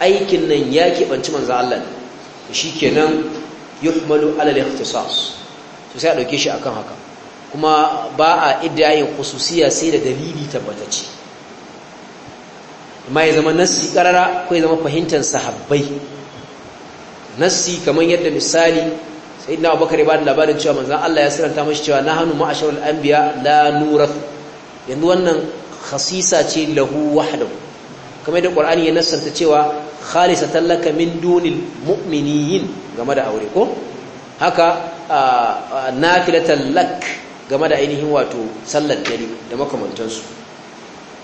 Speaker 1: aikin nan ya keɓanci manzo Allah ne shikenan yuhmalu ala ikhtisas to sai a dauke shi akan haka kuma ba a idayin khususiya sai da dalili tabbatacce amma ya zama nassi karara ko ya zama fahimtar sahabbai nassi kamar yadda misali sayyidina Abubakar ba da labarin cewa manzon Allah ya siranta mashi cewa nahnu ma'asharul anbiya la nurath yanzu wannan khasisa ce lahu wahdahu kamar da Qur'ani ya nasarta cewa Khalisa tallaka min dunil yin game da aure ko haka nafilatan lak game da ainihin wato sallar dare da makamantansu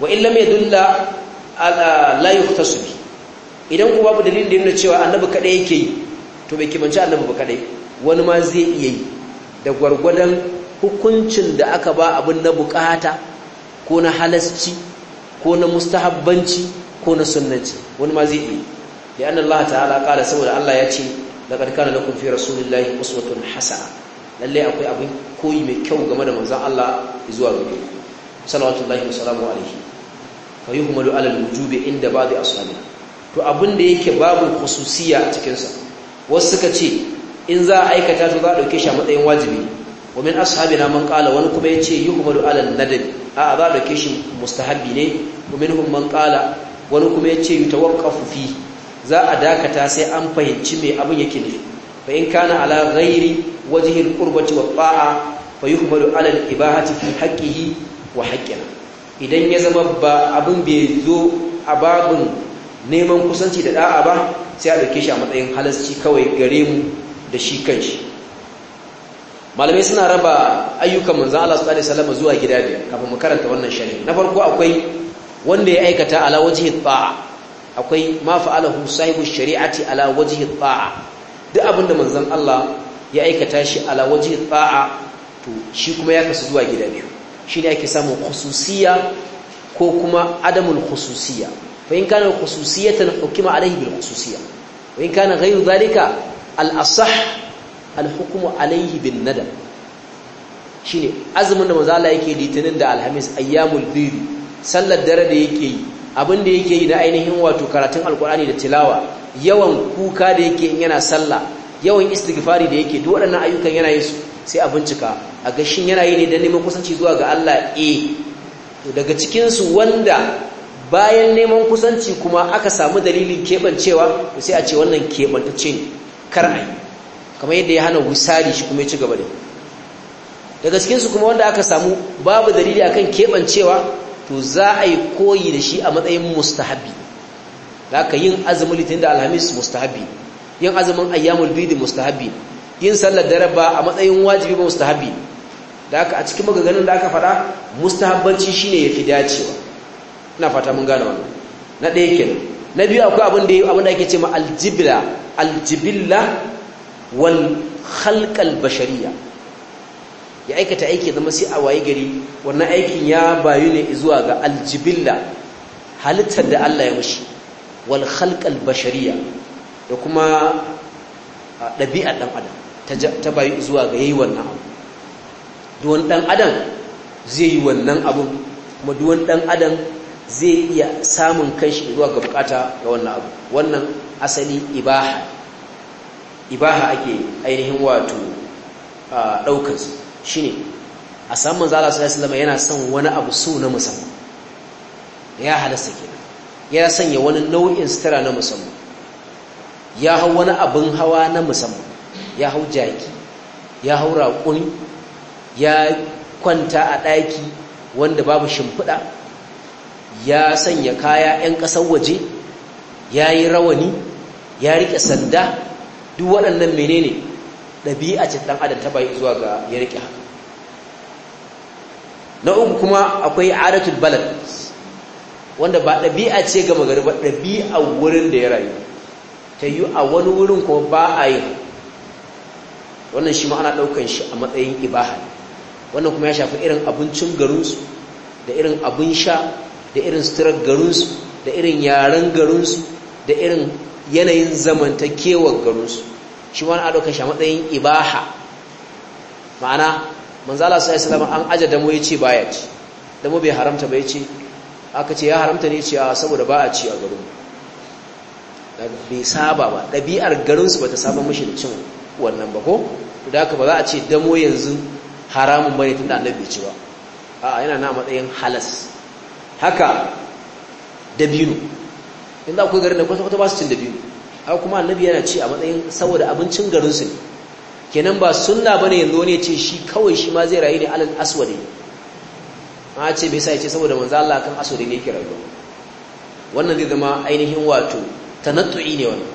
Speaker 1: wa in lam yadulla la yuhtasu bi idan kuma babu dalilin da yana cewa annabi kadai yake yi to bai kimanci annabi ba kadai wani ma zai iya yi da gwargwadon hukuncin da aka ba abin na bukata ko na halasci ko na mustahabbanci ko na sunnati wani ma zai yi da an Allah ta'ala kala saboda Allah ya ce da laqad na lakum fi rasulillahi uswatun hasana lalle akwai abin koyi mai kyau game da manzon Allah zuwa gobe sallallahu wasallamu alaihi fa yuhmalu ala alwujubi inda ba'd ashabi to abin da yake babu khususiyya a cikin sa wasu suka ce in za a aikata to za a dauke shi a matsayin wajibi wa min ashabina man qala wani kuma yace yuhmalu ala nadab a za a dauke shi mustahabbi ne wa minhum man qala wani kuma ya ce yutawaqqafu fi za a dakata sai an fahimci mai abin yake ne fa in kana ala ghairi kurbaci wa ba'a fa kuma ala ibahati fi haƙihi wa haqqina idan ya zama ba abin bai zo a babin neman kusanci da ɗa'a ba sai a dauke shi a matsayin halasci kawai gare mu da shi kanshi malamai suna raba ayyukan manzan Allah sallallahu alaihi wasallam zuwa gida biyar kafin mu karanta wannan sharhi na farko akwai wanda ya aikata ala wajhi ta'a akwai ma fa'alahu sahibu shari'ati ala wajhi ta'a duk abinda manzon Allah ya aikata shi ala wajhi ta'a to shi kuma ya kasu zuwa gida biyu shine ake samun khususiyya ko kuma adamul khususiyya fa in kana khususiyatan hukima alayhi bil khususiyya wa in kana ghayru dhalika al asah al hukmu alayhi bin nadam shine azumin da manzo Allah yake litinin da alhamis ayyamul bidhi sallar dare da yake yi abin da yake yi na ainihin wato karatun alkur'ani da tilawa yawan kuka da yake in yana sallah yawan istighfari da yake duk waɗannan ayyukan yana yin su sai a bincika a ga yana yi ne don neman kusanci zuwa ga Allah eh to daga cikin wanda bayan neman kusanci kuma aka samu dalilin kebancewa to sai a ce wannan kebantacce ne kamar yadda ya hana wusari shi kuma ya ci gaba da daga cikinsu kuma wanda aka samu babu dalili akan kebancewa to za a yi koyi da shi a matsayin mustahabi da aka yin azumin litinin da alhamis mustahabi yin azumin ayyamul bidi mustahabi yin sallar dare ba a matsayin wajibi ba mustahabi da aka a cikin magaganin da aka faɗa mustahabbanci shi ne ya fi dacewa ina fata mun gane wannan na ɗaya kenan na biyu akwai abin da abun da ake ma aljibla aljibilla wal khalqal bashariya ya aikata aiki zama sai a waye gari wannan aikin ya bayu ne zuwa ga aljibilla halittar da Allah ya mushi wal khalqal bashariya da kuma dabi'a dan adam ta bayu zuwa ga yayi wannan abu duwan dan adam zai yi wannan abu kuma duwan dan adam zai iya samun kanshi zuwa ga bukata ga wannan abu wannan asali ibaha ibaha ake ainihin wato ɗaukarsu ne, a samu manzo Allah sallallahu alaihi yana son wani abu so na musamman ya halasta kenan ya sanya wani nau'in sutura na musamman ya hau wani abin hawa na musamman ya hau jaki ya hau raƙuni ya kwanta a ɗaki wanda babu shimfiɗa ya sanya kaya 'yan ƙasar waje ya yi rawani ya riƙe sanda duk waɗannan menene ɗabi'a ce ɗan adam ta bayi zuwa ga ya riƙe haka na uku kuma akwai adatul balad wanda ba ɗabi'a ce ga magari ba ɗabi'a wurin da ya rayu ta yi a wani wurin kuma ba a yi wannan shi ma'ana ana ɗaukan shi a matsayin ibaha wannan kuma ya shafi irin abincin garinsu da irin abin sha da irin suturar garinsu da irin yaren garinsu da irin yanayin zamantakewar garinsu shi wani ado shi a matsayin ibaha ma'ana manzala sai salama an aja damo ya ce baya ci damo bai haramta bai ce aka ce ya haramta ne ce saboda ba a ci a garin bai saba ba ɗabi'ar garinsu ba ta saba mashi da cin wannan ba ko da haka ba za a ce damo yanzu haramun bane tun da annabi ci ba a yana na matsayin halas haka dabino inda akwai garin da kwata-kwata ba su cin dabino ai kuma annabi yana ci a matsayin saboda abincin garin su ne kenan ba sunna ne yanzu wani ya ce shi kawai shi ma zai rayu ne alal aswadi a ce bai sa ya ce saboda manzo Allah kan aswadi ne yake rayuwa wannan zai zama ainihin wato tanattu'i ne wannan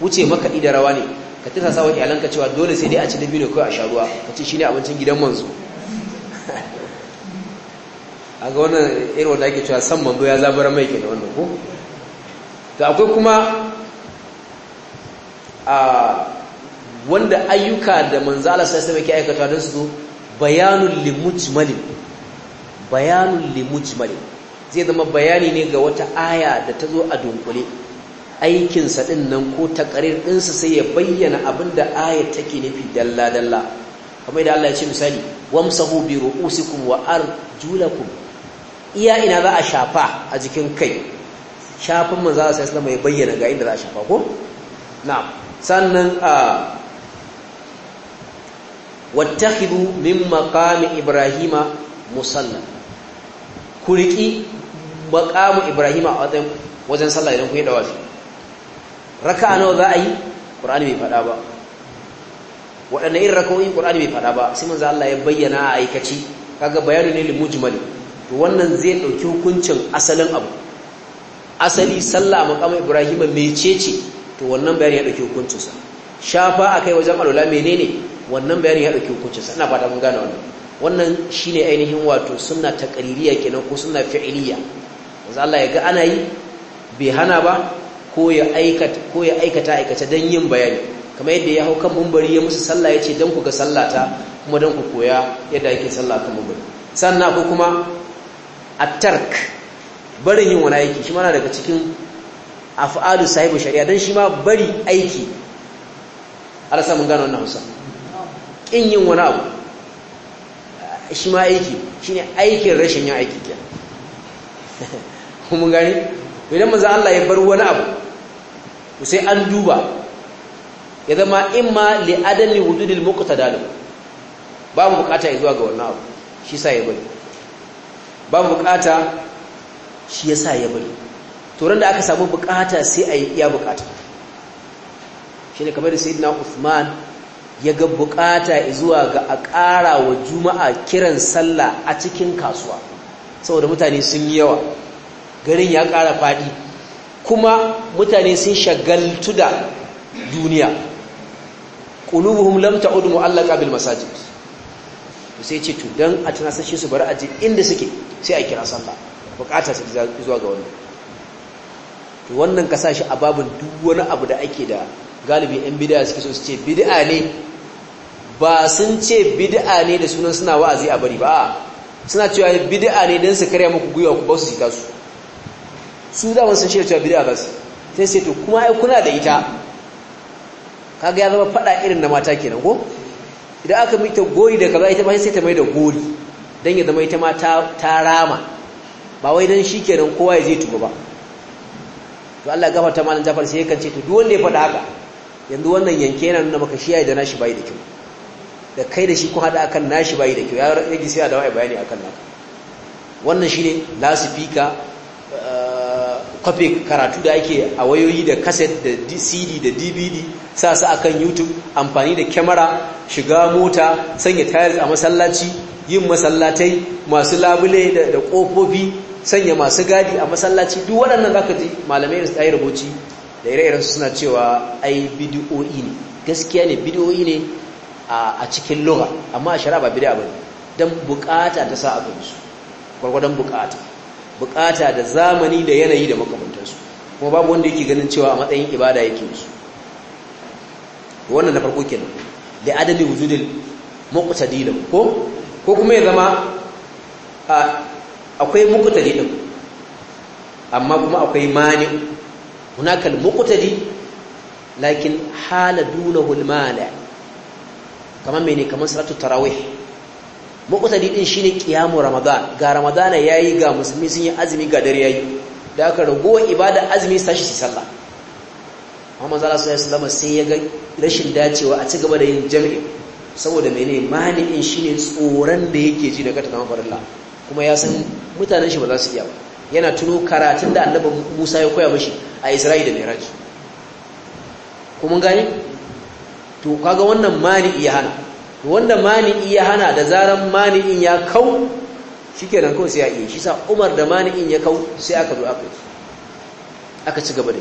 Speaker 1: wuce maka da rawa ne ka tisa sawa iyalanka cewa dole sai dai a ci dabino kai a sha ruwa ka ce shine abincin gidan manzo a ga wannan irin wanda ake cewa san manzo ya zabara mai ke da wannan ko to akwai kuma wanda ayyuka da manzala sai sai yake aikata don su zo bayanul limujmal bayanul limujmal zai zama bayani ne ga wata aya da ta zo a dunkule Aikinsa sa nan ko takarir din sa sai ya bayyana abinda aya take nufi dalla dalla kamar da Allah ya ce misali wamsahu bi ru'usikum wa arjulakum iya ina za a shafa a jikin kai shafin manzala sai sai ya bayyana ga inda za a shafa ko na'am sannan a wattakhidhu min maqami ibrahima musalla ku riki maqamu ibrahima a wajen wajen sallah idan ku yi dawafi raka'a nawa za a yi qur'ani bai fada ba waɗanne irin raka'o'i qur'ani bai fada ba sai manzo Allah ya bayyana a aikaci kaga bayanu ne limujmal to wannan zai dauki hukuncin asalin abu asali sallah maqamu ibrahima mecece to wannan bayani ya dauki sa shafa akai wajen alwala menene wannan bayani ya dauki sa? ina fata mun gane wannan wannan shine ainihin wato sunna taqririyya kenan ko sunna fi'liya manzo Allah ya ga ana yi bai hana ba ko ya aikata ko ya aikata aikata dan yin bayani kamar yadda ya hau kan mumbari ya musu sallah ya ce dan ku ga sallata kuma dan ku koya yadda yake sallah kan mumbari sannan ko kuma at-tark barin yin wani aiki shi mana daga cikin af'alu sahibu shari'a dan shi ma bari aiki Allah sa mun gano wannan Hausa kin yin wani abu shi ma aiki shine aikin rashin yin aiki kenan mun gani idan manzo Allah ya bar wani abu sai an duba ya zama imma li hududil muqtadalu ba babu bukata zuwa ga wannan abu shi sa ya bari babu bukata shi yasa ya bari turan da aka samu bukata sai a yi iya bukata shi ne kamar da sai na uthman ya ga bukata zuwa ga a kara wa juma'a kiran sallah a cikin kasuwa saboda mutane sun yi yawa garin ya kara fadi kuma mutane sun shagaltu da duniya ƙulubuhum lamta udu mu'allaqa bil masajid to sai ce to dan a sashi su bari ji inda suke sai a kira sallah bukata su zuwa ga wannan to wannan ka a babin duk wani abu da ake da galibi yan bid'a suke so su ce bid'a ne ba sun ce bid'a ne da sunan suna wa'azi a bari ba suna cewa bid'a ne don su karya muku gwiwa ku ba su jika su su da sun shirya cewa bid'a ba su sai sai to kuma ai kuna da ita kaga ya zama fada irin na mata kenan ko idan aka mita gori da kaza ita ba sai ta mai da gori dan ya zama ita ma ta rama ba wai dan kenan kowa ya zai tuba ba to Allah gafarta malam Jafar sai yakan ce to duk wanda ya faɗa haka yanzu wannan yanke yana nuna maka shi yayi da nashi bai da kyau da kai da shi kun hada akan nashi bai da kyau ya rage sai da wai bayani akan naka wannan shine lasifika kwafe karatu da ake a wayoyi da kaset da cd da dvd sa su akan youtube amfani da kyamara shiga mota sanya tayar a masallaci yin masallatai masu labule da kofofi sanya masu gadi a masallaci duk waɗannan ka ji malamai da ya rubuci da ire irensu suna cewa ai bid'o'i ne gaskiya ne bid'o'i ne a cikin lugha amma a shara ba bid'a bane don bukata ta sa aka su gwargwadon bukata bukata da zamani da yanayi da makamantansu kuma babu wanda yake ganin cewa a matsayin ibada yake su wannan na farko kenan da adadin wujudin muqtadila ko kuma ya zama akwai muqtadi din amma kuma akwai mani hunakal muqtadi lakin hala dunahu al-mani kamar mene kamar salatu tarawih muqtadi din shine ƙiyamu ramadan ga ramadan yayi ga musulmi sun yi azumi ga dare yayi da aka rago ibada azumi sashi shi sallah Muhammad sallallahu alaihi wasallam sai ya ga rashin dacewa a cigaba da yin jami'i saboda mene mani'in shine tsoron da yake ji daga farin farilla kuma ya san mutanen shi ba za su iya ba yana tuno karatun da annabin Musa ya koya mashi a Isra'i da Mi'raj Kuma mun gane to kaga wannan mani iya hana to wanda mani iya hana da zaran mani'in ya kau nan kawai sai ya iya shi sa Umar da mani'in ya kau sai aka zo aka aka ci gaba da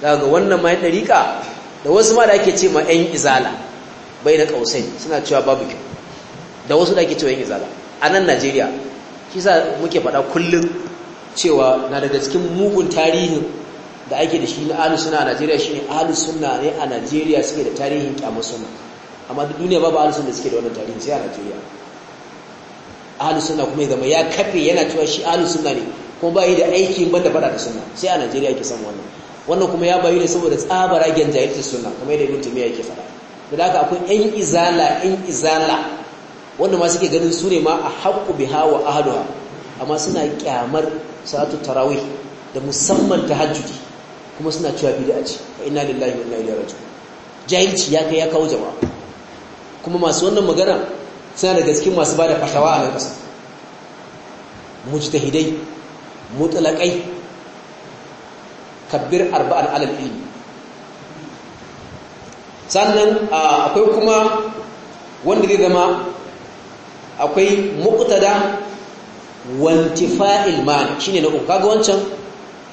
Speaker 1: daga wannan mai dariƙa da wasu ma da ake ce ma 'Yan izala bai na kausai suna cewa babu kyau da wasu da ake cewa 'Yan izala a nan Najeriya shi sa muke faɗa kullum cewa na daga cikin mugun tarihin da ake da shi na ahlus sunna a Najeriya shine ahlus sunna ne a Najeriya suke da tarihin kyamar sunna amma duk duniya babu ahlus sunna suke da wannan tarihin sai a Najeriya ahlus sunna kuma zama ya kafe yana cewa shi ahlus sunna ne kuma bayi da aiki ban da fada da sunna sai a Najeriya ke samu wannan wannan kuma ya bayi ne saboda tsabara gyan jahilci sunna kuma yadda Ibn Taymiyyah yake faɗa, da haka akwai ƴan izala ƴan izala wanda ma suke ganin su ne ma a haƙƙu biha a ahaduha amma suna kyamar salatu tarawih da musamman ta hajjudi kuma suna cewa a ci a ina lillahi wa ilaihi raji'un jahilci ya kai ya kawo jama'a kuma masu wannan magana suna da gaske masu bada fatawa a nan ƙasa mujtahidai mutlaqai kabbir arba'an alal ilmi sannan akwai kuma wanda zai zama akwai muktada wantifa'il mani shine na uku kaga wancan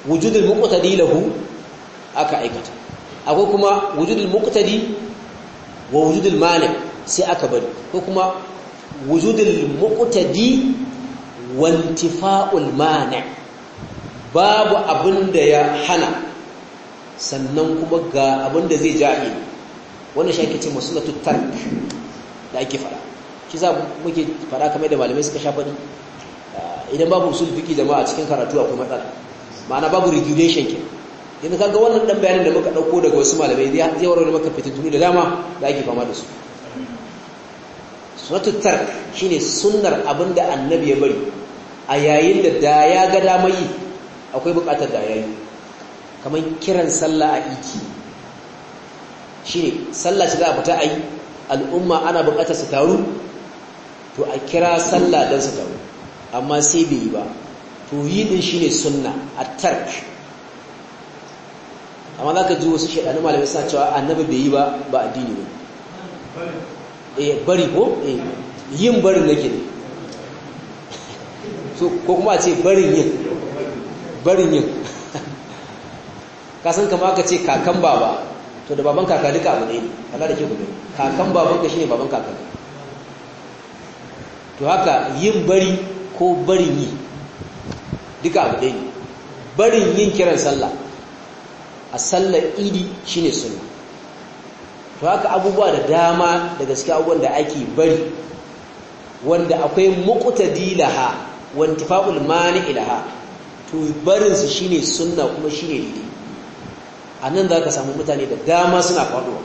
Speaker 1: wujudul muqtadi lahu aka aikata akwai kuma wujudul muqtadi wa wujudul mani sai aka bari ko kuma wujudul muqtadi wantifa'ul mani babu abinda ya hana sannan kuma ga abinda zai ja'i wannan shi ake ce masulatu tark da ake fara shi za muke fara kamar da malamai suka sha faɗi ah, idan babu usul ma jama'a cikin karatu akwai matsala ma'ana babu regulation ke yanzu kaga wannan dan bayanin da muka ɗauko daga wasu malamai zai warware maka fitintunu da dama da ake fama da su sunatu tark shine sunnar da annabi ya bari a yayin da da ya ga damar yi akwai buƙatar da yayi kamar kiran sallah a iki Shi ne sallah shi za a fita a yi, al'umma ana buƙatar su taru to a kira sallah don su taru amma sai bai yi ba to yi din ne sunna a tark amma za ka ji wasu shedanu malamai sa cewa annabi bai yi ba ba addini ne eh bari ko eh yin barin nake ne so ko kuma a ce barin yin barin yin kasan kama aka ce kakan baba to da baban kaka duka abu ne Allah da ke gobe kakan babanka ka shine baban kakanka to haka yin bari ko barin yi duka abu ɗaya barin yin kiran sallah a sallar idi shine suna. to haka abubuwa da dama da gaske abubuwan da ake bari wanda akwai muqtadi wani wa intifa'ul mani'i to barin shine sunna kuma shine dide za ka samu mutane da dama suna faɗuwa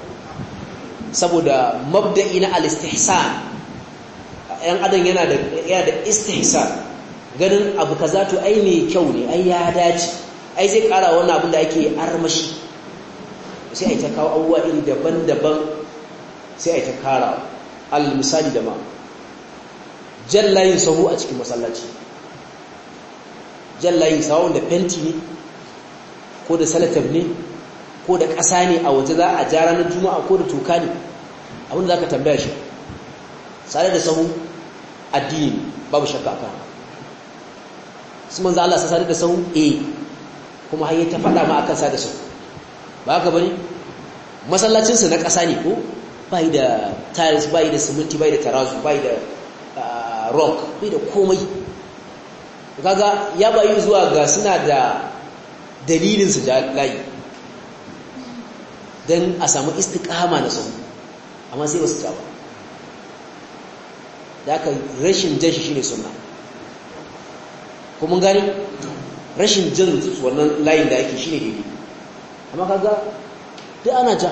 Speaker 1: saboda mabda'i na alistihsan yan adam yana da ya da istihsa ganin abu kaza to ai mai kyau ne ai ya dace ai zai kara wannan abin da ake armashi sai ai ta kawo abubuwa iri daban-daban sai ai ta kara al misali da ma jallayin sahu a cikin masallaci jallayin sahu da fenti ne ko da salatab ne ko da ƙasa ne a waje za a ja ranar juma'a ko da toka ne abin da za ka tambaya shi sare da sahu addini babu shakka akan su manzo Allah sa da sahu eh kuma har ta faɗa ma akan sa da sahu ba ka bari masallacin su na ƙasa ne ko bai da tiles bai da siminti bai da tarazu bai da ah, rock bai da komai kaga ya bayi zuwa ga suna da dalilin su da layi dan a samu istiqama na sahu amma sai ba su ta da aka rashin jan shi shine sunna kuma gani rashin jan wannan layin da ake shine daidai amma kaga duk ana ja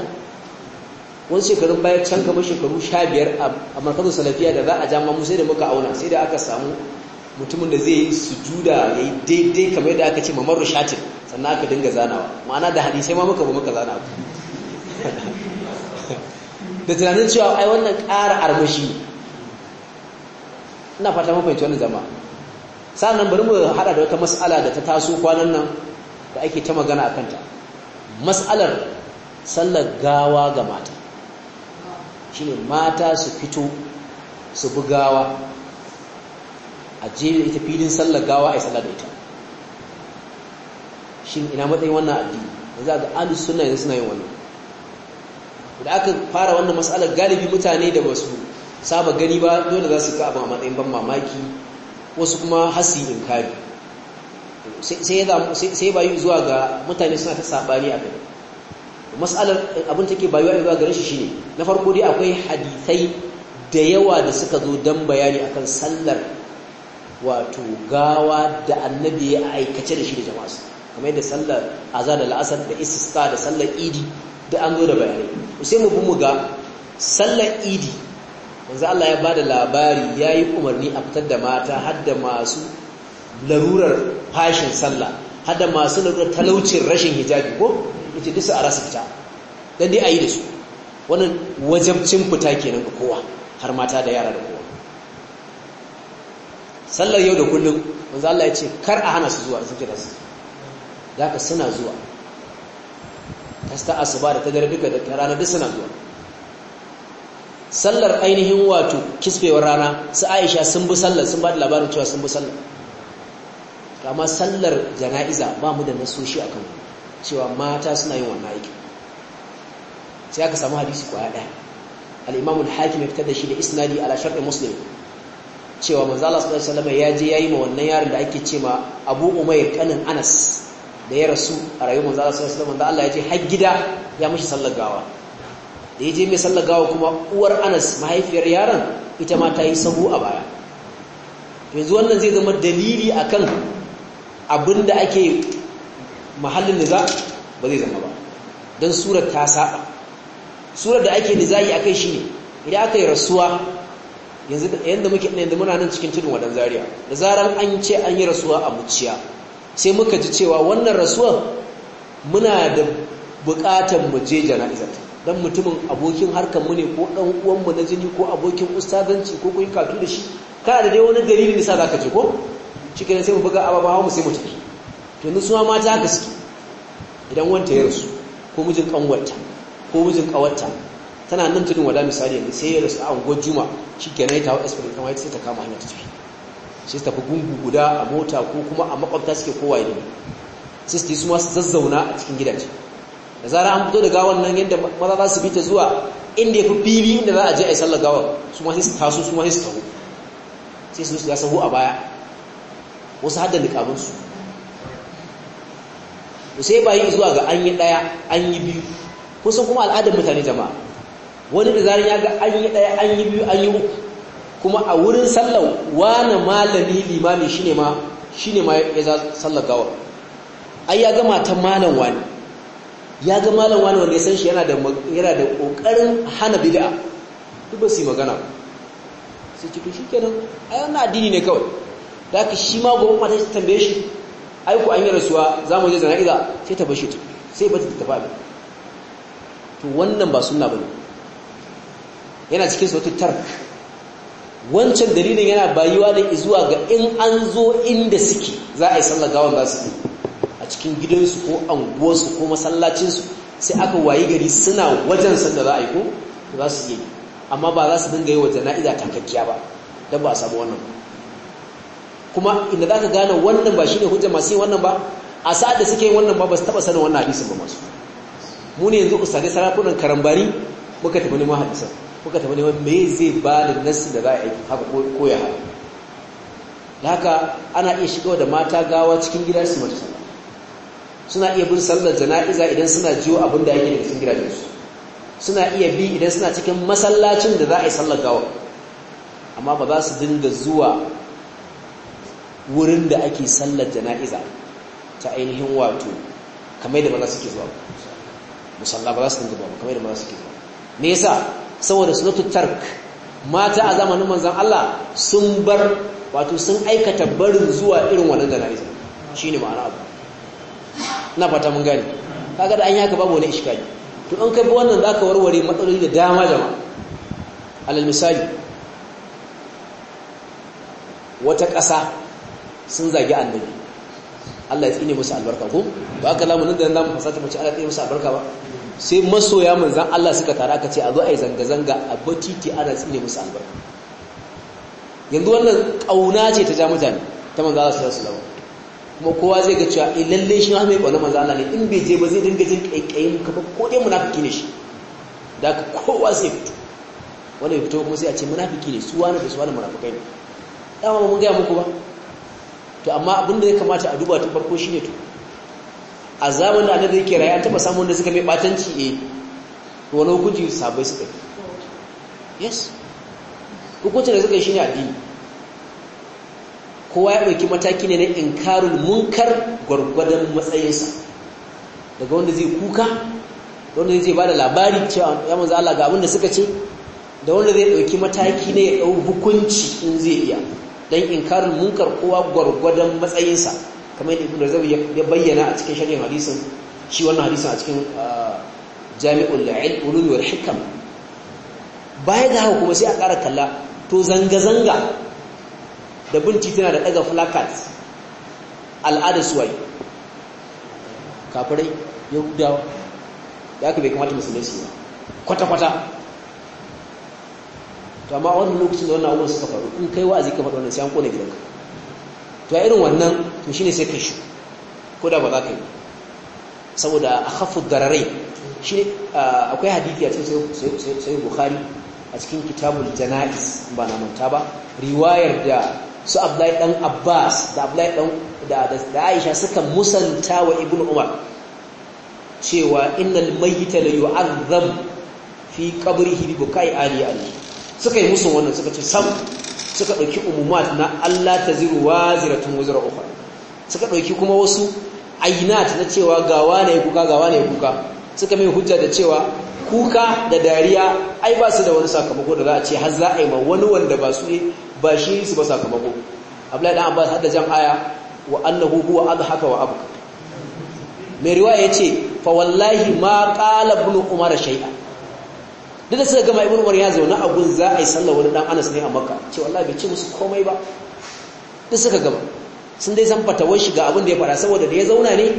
Speaker 1: wani shekarun baya can kamar shekaru sha biyar a markazin salafiya da za a ja mu sai da muka auna sai da aka samu mutumin da zai yi sujuda ya yi daidai kamar yadda aka ce mamar rushatin sannan aka dinga zanawa ma'ana da hadisai ma muka ba muka zana da tunanin cewa ai wannan ƙara armashi ina fata mun wani zama jama'a nan bari mu hada da wata mas'ala da ta taso kwanan nan da ake ta magana a kanta mas'alar sallar gawa ga mata shine mata su fito su bugawa a jere ita filin sallar gawa a yi sallar da ita shin ina matsayin wannan addini yanzu ga alis suna yanzu suna yin wannan da aka fara wannan mas'alar galibi mutane da basu saba gani ba dole za su ga abu a matsayin ban mamaki wasu kuma hasi in kari sai bayu zuwa ga mutane suna ta sabani a kai matsalar eh, abin take bayuwa zuwa gare shi shine na farko dai akwai hadisai da yawa da suka zo don bayani akan sallar wato gawa da annabi ya aikace da shi da jama'a kamar yadda sallar azan da la'asar da istisqa da sallar idi da an zo da bayanai sai mu bi mu ga sallar idi yanzu Allah ya bada labari ya yi umarni a fitar da mata hadda masu larurar fashin sallah hadda masu larurar talaucin rashin hijabi ko ita dusu a rasa fita dan dai a yi da su wannan wajabcin fita kenan ga kowa har mata da yara da kowa sallar yau da kullum wanzu Allah ya ce kar a hana su zuwa su rasu su zaka suna zuwa ta asuba da ta dare duka da ta rana duk suna zuwa sallar ainihin wato kisfewar rana su aisha sun bi sallar sun ba da labarin cewa sun bi sallar amma sallar jana'iza ba mu da nasoshi a kan cewa mata suna yin wannan aiki sai aka samu hadisi kwaya ɗaya al'imamun hakim ya fitar da shi da isnadi ala sharɗin muslim cewa manzo Allah sallallahu alaihi ya je yayi ma wannan yaron da ake ce ma Abu Umayr kanin Anas da ya rasu a rayuwar manzo Allah sallallahu alaihi wasallam da Allah ya ce har gida ya mishi sallar gawa da ya je mai sallar gawa kuma uwar anas mahaifiyar yaron ita ma ta yi sahu a baya yanzu wannan zai zama dalili akan abin da ake mahallin niza ba zai zama ba don surar ta saba surar da ake nizayi akai ne ya aka yi rasuwa yanzu yadda muke yanzu muna nan cikin tudun wadan Zariya. da zarar an ce an yi rasuwa a muciya sai muka ji cewa wannan rasuwan muna da bukatar muje je jana'izar dan mutumin abokin harkar mu ne ko dan uwan mu na jini ko abokin ustazanci ko kun katu da shi kana da dai wani dalilin da sa zaka ce ko cikin sai mu buga ababa mu sai mu tafi to ni su ma ta haka suke idan wanta ya rasu ko mijin kanwarta ko mijin kawarta tana nan tudun wada misali ne sai ya rasu a unguwar juma shikenan ita wata asibiti kamar sai ta kama hanya ta tafi sai ta tafi gungu guda a mota ko kuma a makwabta suke kowa ne sai su ma su zazzauna a cikin gidaje da zara an fito da gawan nan yadda maza za su bi ta zuwa inda ya fi fili inda za a je a yi sallar gawar su ma sai su taso su ma sai su taho sai su ga sahu a baya wasu hada likabinsu su. sai bayan zuwa ga an yi ɗaya an yi biyu kusan kuma al'adar mutane jama'a wani da zara ya ga an yi ɗaya an yi biyu an yi uku kuma a wurin sallar wani malami limami shine ma ma ya za sallar gawar ai ya gama ta malam wani ya ga malam wani wanda ya san shi yana da yana da kokarin hana bid'a duk ba su yi magana sai ci to kenan ai wannan addini ne kawai da haka shi ma gobe mata ta tambaye shi ai ku an yi rasuwa za mu je jana'iza sai ta bashi sai ba ta tafi to wannan ba sunna bane yana cikin sautin tark wancan dalilin yana bayuwa da zuwa ga in an zo inda suke za a yi sallar gawan za su yi cikin gidansu ko anguwarsu ko masallacinsu sai aka wayi gari suna wajen sanda za a yi ko za su yi amma ba za su dinga yi wa jana'iza takakkiya ba don ba a samu wannan kuma inda za ka gane wannan ba shine hujja masu yi wannan ba a sa'ad da suke yi wannan ba ba su taɓa sanin wannan hadisin ba masu mu ne yanzu ustadai sarakunan karambari muka tafi neman hadisan muka tafi neman me zai ba da nasu da za a yi haka ko ya haka haka ana iya shiga da mata gawa cikin gida su mace sallah suna iya bin sallar jana'iza idan suna jiyo abin da yake da cikin gidajensu suna iya bi idan suna cikin masallacin da za a yi sallar gawa amma ba za su dinga zuwa wurin da ake sallar jana'iza ta ainihin wato kamar da su ke zuwa musalla ba za su dinga zuwa kamar da su ke zuwa me yasa saboda sunatu tark mata a zamanin manzon Allah sun bar wato sun aikata barin zuwa irin wannan jana'iza shine ma'ana abu na fata mun gani kaga da an yaka babu wani iskali to an kai wannan zaka warware matsaloli da dama da alal misali wata ƙasa sun zagi annabi Allah ya tsine musu albarka ko ba ka lamu nan da nan fasata mace Allah ya tsine musu albarka ba sai masoya zan Allah suka tara aka ce a zo a yi zanga-zanga a batiti ana tsine musu albarka yanzu wannan ƙauna ce ta ja ta manzan Allah sallallahu alaihi wasallam kuma kowa zai ga cewa eh lalle shi ma mai kwanar manzo Allah ne in bai je ba zai dinga jin kaikayin ka ba ko dai munafiki ne shi da ka kowa zai fito wanda ya fito kuma sai a ce munafiki ne su wani da su wani munafikai ne dama mun gaya muku ba to amma abin da ya kamata a duba tun farko shine to a zamanin da annabi yake rayuwa an taba samun wanda suka mai batanci eh wani hukunci sabai suka yes hukuncin da suka yi shine addini kowa ya ɗauki mataki ne na inkarul munkar gwargwadon matsayinsa daga wanda zai kuka da wanda zai ba da labari cewa ya manzo Allah ga da suka ce da wanda zai ɗauki mataki ne ya ɗau hukunci in zai iya dan inkarul munkar kowa gwargwadon matsayinsa kamar yadda ibnu razawi ya bayyana a cikin sharhin hadisin shi wannan hadisin a cikin jami'ul ulum wal hikam baya ga haka kuma sai a ƙara kalla to zanga zanga da bin tituna da daga flakas al'ada suwai kafirai yahudawa ya ka bai kamata musulmai su yi kwata-kwata to amma wani lokacin da wannan abubuwan suka faru in kai wa'azi ka faɗi wannan sai an kone gidanka to a irin wannan to ne sai ka ko da ba za ka yi saboda a hafu dararai shi akwai hadisi a cikin sai bukari a cikin kitabul janaiz ba na manta ba riwayar da su Abdullahi dan Abbas da Abdullahi dan da da Aisha suka musanta wa Ibn Umar cewa innal mayyita la yu'azzab fi qabrihi bi bukai ali ali suka yi musu wannan suka ce sam suka dauki umumat na Allah taziru waziratun wazira ukhra suka dauki kuma wasu ainat na cewa ga ne kuka ga ne kuka suka mai hujja da cewa kuka da dariya ai ba su da wani sakamako da za a ce har za a yi ma wani wanda ba su ne ba shi su ba sakamako abdullahi dan abbas hadda jan aya wa annahu huwa adhaka wa abka mai riwaya yace fa wallahi ma qala ibn umar shay'a duk da suka gama ibn umar ya zauna a gun za a yi sallah wani dan anas ne a makka ce wallahi bai ce musu komai ba duk suka gama sun dai san fatawar shi ga abin da ya fara saboda da ya zauna ne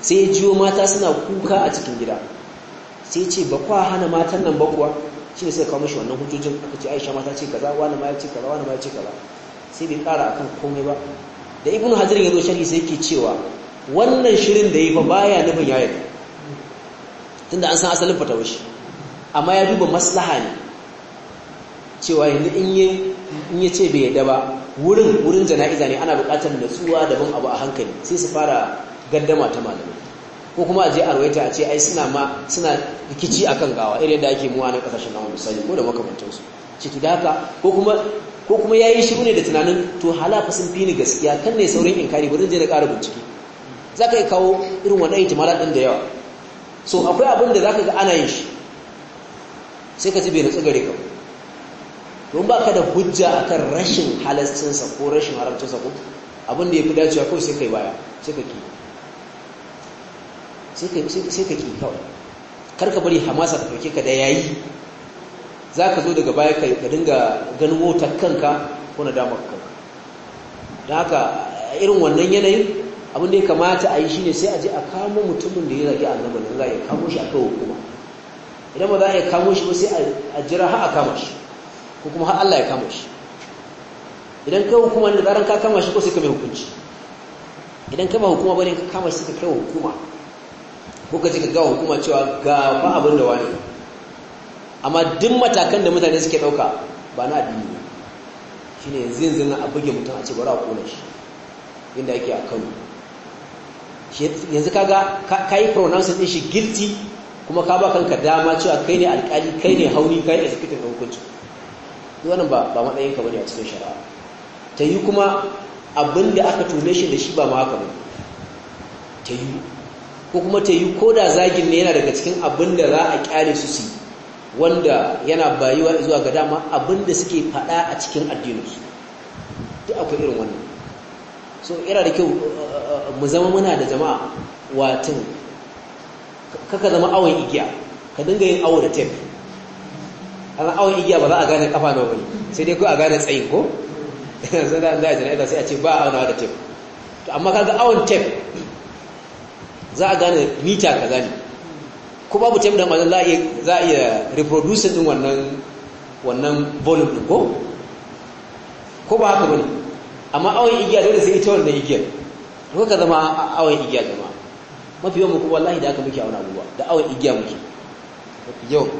Speaker 1: sai ya jiyo mata suna kuka a cikin gida sai ce ba kwa hana matan nan ba kuwa shi sai kawo mishi wannan hujjojin aka ce Aisha mata ce kaza wani ma ya ce kaza wani ma ya ce kaza sai bai ƙara akan komai ba da Ibn Hajar ya zo sharhi sai ke cewa wannan shirin da yi fa baya nufin ya yarda tunda an san asalin fata amma ya duba maslaha ne cewa yanzu in ya ce bai yarda ba wurin wurin jana'iza ne ana buƙatar natsuwa daban abu a hankali sai su fara gaddama ta malamai ko kuma a je a rawaita a ce ai suna ma suna rikici akan gawa irin da ake muwa na kasashen nan misali ko da su. ciki da haka ko kuma ko kuma yayi shiru ne da tunanin to halafa sun fi ni gaskiya kan ne saurin inkari bari je na ƙara bincike zaka yi kawo irin wannan ihtimalat din da yawa so akwai abin da zaka ga ana yin shi sai ka ji bai nutsu gare ka don baka da hujja akan rashin halascinsa ko rashin haramcinsa ko abin da yafi dacewa kawai sai kai baya sai ka ki sai ka sai ka kawai kar ka bari hamasa ta dauke ka da yayi ka zo daga baya ka ka dinga ganin motar kanka ko na damar kanka da haka irin wannan yanayin abin da ya kamata a yi shi ne sai a je a kamo mutumin da ya a zama da za a yi kamo shi a kai hukuma idan ba za a yi kamo shi ba sai a jira har a kama shi ko kuma har Allah ya kama shi idan kai hukuma ne da zaran ka kama shi ko sai ka mai hukunci idan ka ba hukuma bane ka kama shi sai ka kai hukuma ko ka ji ka hukuma cewa ga ba abin da wani amma duk matakan da mutane suke dauka ba na addini ne shi ne zinzin a buge mutum a ce bari a kona shi inda ake a kano yanzu kaga ka yi pronouncing din shi guilty kuma ka ba kanka dama cewa kai ne alkali kai ne hauni kai ne zikitin da hukunci wannan ba ba matsayinka bane a cikin shari'a ta yi kuma abin da aka tume shi da shi ba ma haka ba ta yi ko kuma ta yi ko da zagin ne yana daga cikin abin da za a kyale su su wanda yana bayuwa zuwa ga dama abin da suke faɗa a cikin addininsu duk akwai irin wannan so yana da kyau uh, uh, mu zama muna da jama'a watan kaka zama awon igiya ka dinga yin awo da tef an awon igiya ba za a gane kafa nawa bane sai dai ko a gane tsayin ko sai da za jana'iza sai a ce ba a awon da tef to amma kaga awon tef za a gane mita kaza ne ko babu tem da mazan za a iya reproducing din wannan wannan volume din ko ko ba haka bane amma awon igiya dole sai ita wannan igiyar ko ka zama awon igiya zama mafi yawan muku wallahi da aka muke wani abubuwa da awon igiya muke mafi yawan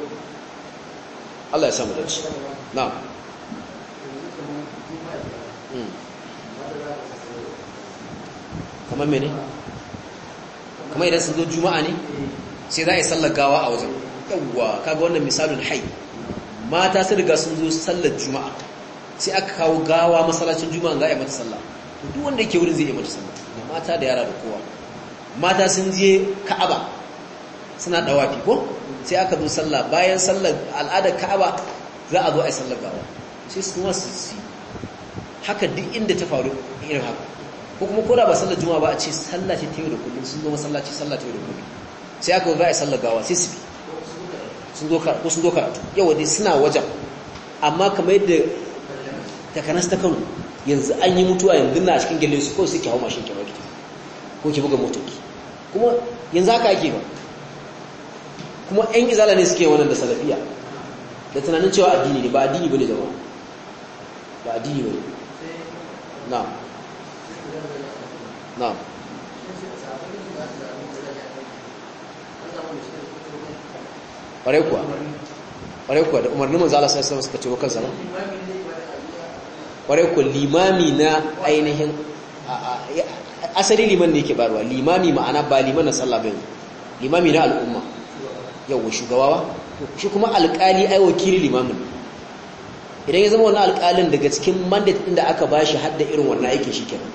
Speaker 1: Allah ya samu shi na'am hmm. kamar mene kamar idan sun zo juma'a ne sai za a yi sallar gawa a wajen yawwa kaga wannan misalin hai mata sun riga sun zo sallar juma'a sai aka kawo gawa masallacin juma'a za a yi mata sallah to duk wanda yake wurin zai yi mata sallah da mata da yara da kowa mata sun je ka'aba suna dawafi ko sai aka zo sallah bayan sallar al'adar ka'aba za a zo a yi sallar gawa sai su kuma su haka duk inda ta faru irin haka ko kuma koda ba sallar juma'a ba a ce sallah ce ta yau da kullum sun zo masallaci sallah ta yau da kullum sai aka ga ai sallar gawa sai su bi sun zo ko sun zo karatu yawa dai suna wajen amma kamar yadda takanas ta kanu yanzu an yi mutuwa yanzu na cikin gelle su ko sai ki hawo mashin ki baki ko ki buga motoki kuma yanzu haka ake ba kuma yan izala ne suke wannan da salafiya da tunanin cewa addini ne ba addini bane jama'a ba addini bane na'am نعم ƙwarai kuwa ƙwarai kuwa da umarnin manzo Allah sai suka ce kansa nan ƙwarai kuwa limami na ainihin asali liman ne yake barwa limami ma'ana ba liman na sallah bai limami na al'umma yawa shugabawa shi kuma alƙali ai wakili limamin idan ya zama wani alƙalin daga cikin mandate inda aka ba shi hadda irin wannan aikin shi kenan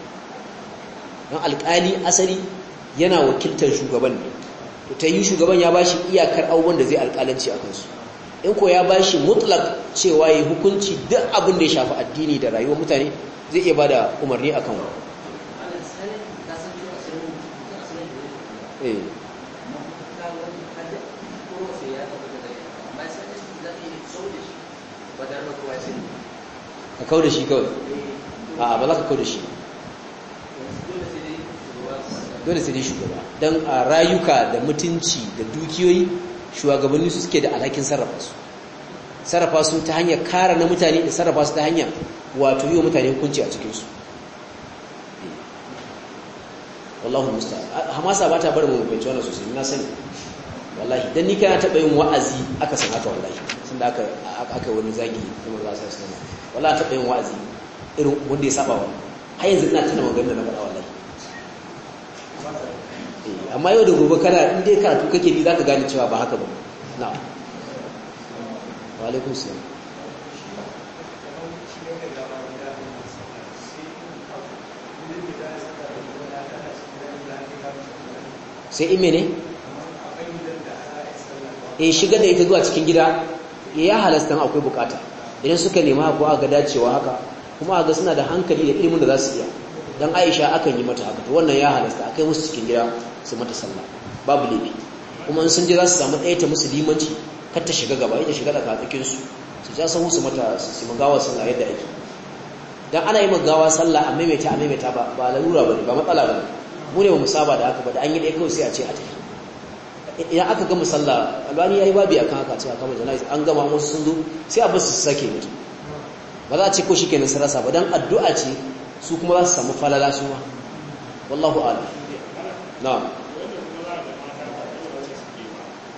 Speaker 1: don alkali asali yana wakiltar shugaban ne to ta yi shugaban ya bashi iyakar abubuwan da zai alkalanci a kansu in ko ya bashi mutlak cewa ya hukunci duk abin da ya shafi addini da rayuwar mutane zai iya bada umarni akan wa a eh. kau da shi kawai a ba za ka kawo da shi dole sai dai shugaba don a rayuka da mutunci da dukiyoyi shugabanni su suke da alhakin sarrafa su sarrafa su ta hanyar kara na mutane da sarrafa su ta hanyar wato yi wa mutane hukunci a cikinsu wallahu musta hamasa ba ta bar mu bai wannan sosai na sani wallahi don ni kana taɓa yin wa'azi aka san haka wallahi sun da aka wani zagi kuma za su sanar wallahi taɓa yin wa'azi irin wanda ya saba wa har yanzu ina tana maganar da na faɗa wallahi
Speaker 2: Eh,
Speaker 1: amma yau da gobe kana in dai karatu kake ni zaka gane cewa ba haka ba na wa alaikum
Speaker 2: sai ime ne e eh, shiga da ita
Speaker 1: zuwa cikin gida eh, ya halasta akwai bukata idan suka nema ko aka dacewa haka kuma ga suna da hankali da ilimin da za su iya dan Aisha akan yi mata haka to wannan ya halasta akai musu cikin gida su mata sallah babu lebi. kuma sun ji za su samu ɗaya ta musulmanci, kar ta shiga gaba ita shiga daga cikin su su ja sahu su mata su mu gawa sallah yadda ake dan ana yi magawa sallah a maimaita a maimaita ba ba larura bane ba matsala bane mu ne mu saba da haka ba da an yi ɗaya kawai sai a ce a tafi idan aka gama sallah albani yayi babi akan haka cewa kamar jana'iz an gama musu sun zo sai a bar su sake mutu ba za a ce ko shikenan sarasa ba dan addu'a ce su kuma za su samu falala su ma wallahu ala
Speaker 2: na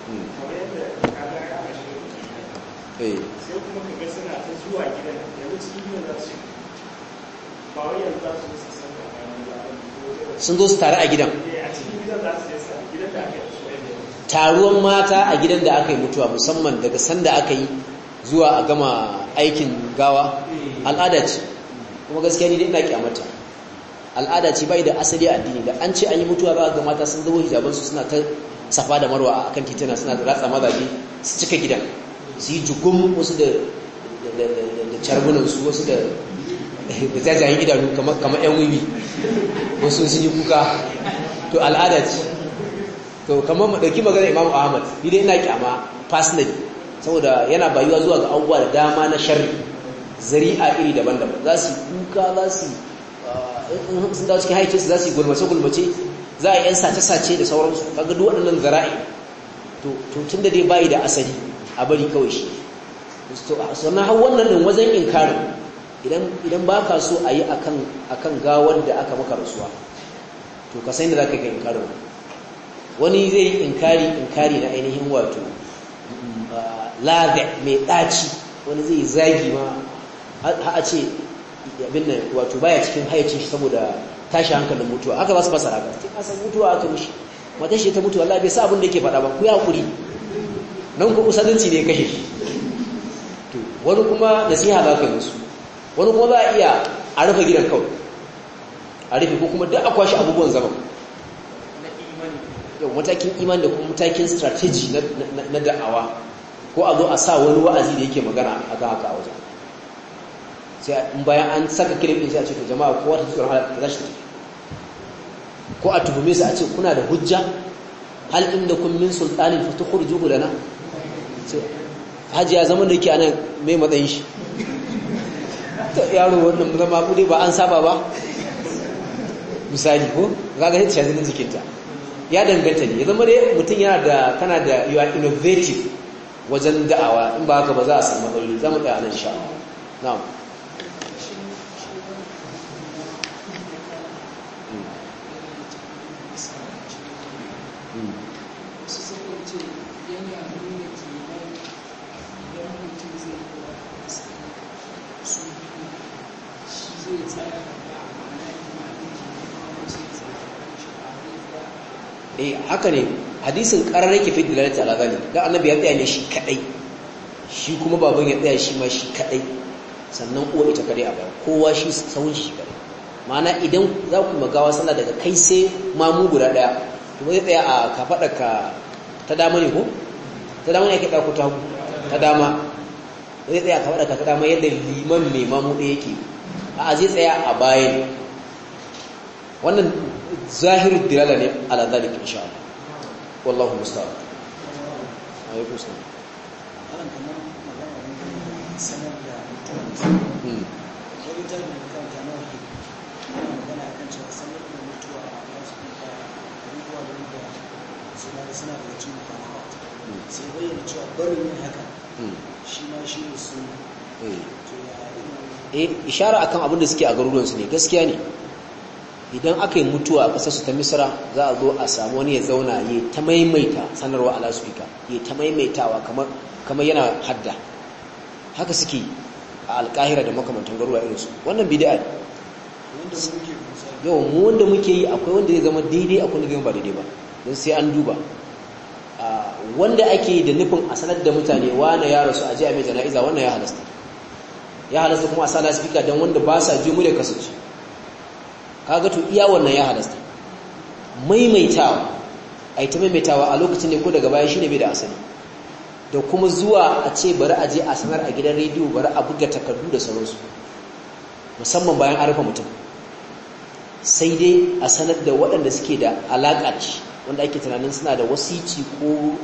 Speaker 2: hmm. eh. sun zo su taru a gidan
Speaker 1: taruwan mata a gidan da aka yi mutuwa musamman daga sanda aka yi zuwa a gama aikin gawa eh. al'ada ce kuma gaskiya ni dai ina kyamata al'ada ce bai da asali a addini da an ce an yi mutuwa ba ga mata sun zubo hijaban su suna ta safa da marwa a kan titina suna da ratsa mazaje su cika gidan su yi jukun wasu da carbunan su wasu da jajayen idanu kamar yan wiwi wasu sun yi kuka to al'ada ce to kamar mu dauki magana Imam Ahmad ni dai ina kyama personally saboda yana bayuwa zuwa ga abubuwa da dama na sharri zari'a iri daban-daban za su kuka za su uh, sun dawo cikin haicinsu za su yi gulmace-gulmace za a yi 'yan sace-sace da sauransu ga duk waɗannan zara'i to tun da dai bayi da asali a bari kawai shi sannan har wannan ɗin wajen inkarin idan ba ka so a yi a kan gawar da aka maka rasuwa to ka san da za ka ga inkarin wani zai yi in inkari na ainihin wato uh, labe mai ɗaci wani zai zagi ma a ce abin nan wato baya cikin hayyacin shi saboda tashi hankalin mutuwa aka ba su fasara ka sai kasan mutuwa aka mishi matan shi ta mutuwa labe bai sa abin da yake faɗa ba ku ya hakuri nan ku usalinci ne kashe to wani kuma nasiha za ka yi musu wani kuma za a iya a rufe gidan kawai a rufe ko kuma duk a kwashi abubuwan zama yau matakin iman da kuma matakin strategy na da'awa ko a zo a sa wani wa'azi da yake magana a ga haka a wajen sai bayan an saka kilif din sai a ce to jama'a kowa ta tsoron halaka za shi ko a tuhume su a ce kuna da hujja hal inda kun min sultanin fa tukhrijuhu da haji ya zama da yake ana mai matsayin shi ta yaro wannan zama kudi ba an saba ba misali ko za sai hita shazinin jikinta ya danganta ne ya zama dai mutum yana da kana da you are innovative wajen da'awa in ba haka ba za a samu matsaloli za mu ɗaya nan sha'awa. na'am eh haka ne hadisin karar yake fi dalalata ala zalik dan annabi ya tsaya ne shi kadai shi kuma baban ya tsaya shi ma shi kadai sannan uwa ita kadai a bayan kowa shi sauran shi kadai ma'ana idan za ku magawa sallah daga kai sai mamu guda daya to zai tsaya a ka ta dama ne ko ta dama ne ake dauko ta ta dama zai tsaya a ka ta dama yadda liman mai mamu ɗaya yake a zai tsaya a baya wannan zahiri dilala ne ala dalik insha Allah wallahu musta'an alaikum salam
Speaker 2: suna sai bayyana cewa barin yin haka shi ma shi ne su
Speaker 1: eh ishara akan abin da suke a garuruwansu ne gaskiya ne idan aka yi mutuwa a ƙasar su ta misra za a zo a samu wani ya zauna ya ta maimaita sanarwa ala fika ya ta maimaitawa kamar kamar yana hadda haka suke a alkahira da makamantan garuwa irinsu wannan bid'a ne yau mu wanda muke yi akwai wanda zai zama daidai akwai wanda zai ba daidai ba don sai an duba wanda ake yi da nufin a sanar da mutane wane ya rasu a ji a mai jana'iza wannan ya halasta ya halasta kuma a sa lasifika don wanda ba sa ji mu da kasance kaga to iya wannan ya halasta maimaitawa ai ta maimaitawa a lokacin ne ko daga baya shine bai da asali da kuma zuwa a ce bari a je a sanar a gidan rediyo bari a buga takardu da sauransu musamman bayan an rufe mutum sai dai a sanar da waɗanda suke da alaƙa ce wanda ake tunanin suna da wasici ko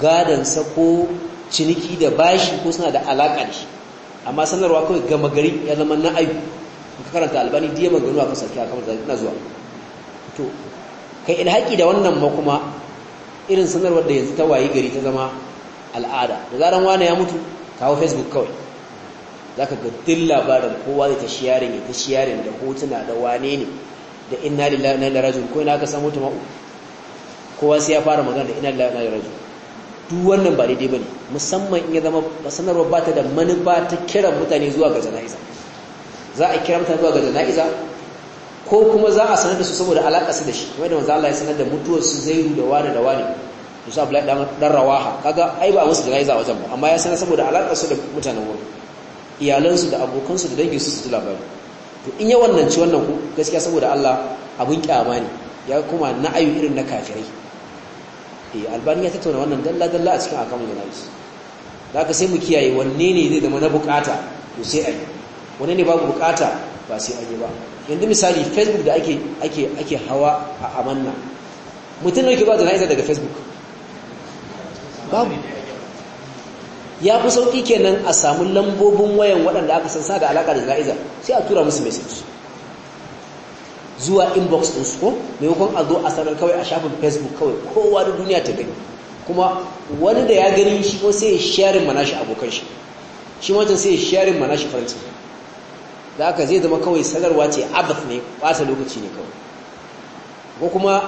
Speaker 1: gadansa ko ciniki da bashi ko suna da alaƙa da amma sanarwa kawai gama gari ya zama na aibu ka karanta albani diya maganganu a kan sarki a kamar zalika na zuwa to kai haƙi da wannan ma kuma irin sanarwar da yanzu ta wayi gari ta zama al'ada da zaran wani ya mutu kawo facebook kawai za ka ga labarin kowa zai ta shiyarin ya ta shiyarin da hotuna da wane ne da inna lillahi na da rajin ko ina ka samu ta ma'u kowa sai ya fara magana da ina lillahi na da rajin duk wannan ba daidai ne musamman in ya zama sanarwar ba ta da manufa ta kiran mutane zuwa ga jana'iza za a kira mutane zuwa ga jana'iza ko kuma za a sanar da su saboda alaƙa su da shi Kuma da manzo Allah ya sanar da mutuwar su zairu da wani da wani to sa Abdullahi dan rawaha kaga ai ba musu jana'iza wajen ba amma ya sanar saboda alaƙa su da mutanen wurin iyalansu da abokansu da dangin su su ji labari to in ya wannan ci wannan ku gaskiya saboda Allah abun kyama ne ya kuma ayu irin na kafirai eh albani ya tattauna wannan dalla dalla a cikin akamun jana'iz da ka sai mu kiyaye wanne ne zai zama na bukata to sai ai wani ne babu bukata ba sai aje ba yanzu misali facebook da ake ake ake hawa a amanna mutum ne ke ba jana'iza daga facebook babu ya fi sauƙi kenan a samu lambobin wayan waɗanda aka san sa da alaƙa da jana'iza sai a tura musu message zuwa inbox su ko maimakon a zo a sanar kawai a shafin facebook kawai kowa da duniya ta gani kuma wani da ya gani shi ko sai ya sharing mana shi abokan shi shi wancan sai ya sharing mana shi farantin. da haka zai zama kawai sanarwa ce abath ne ɓata lokaci ne kawai ko kuma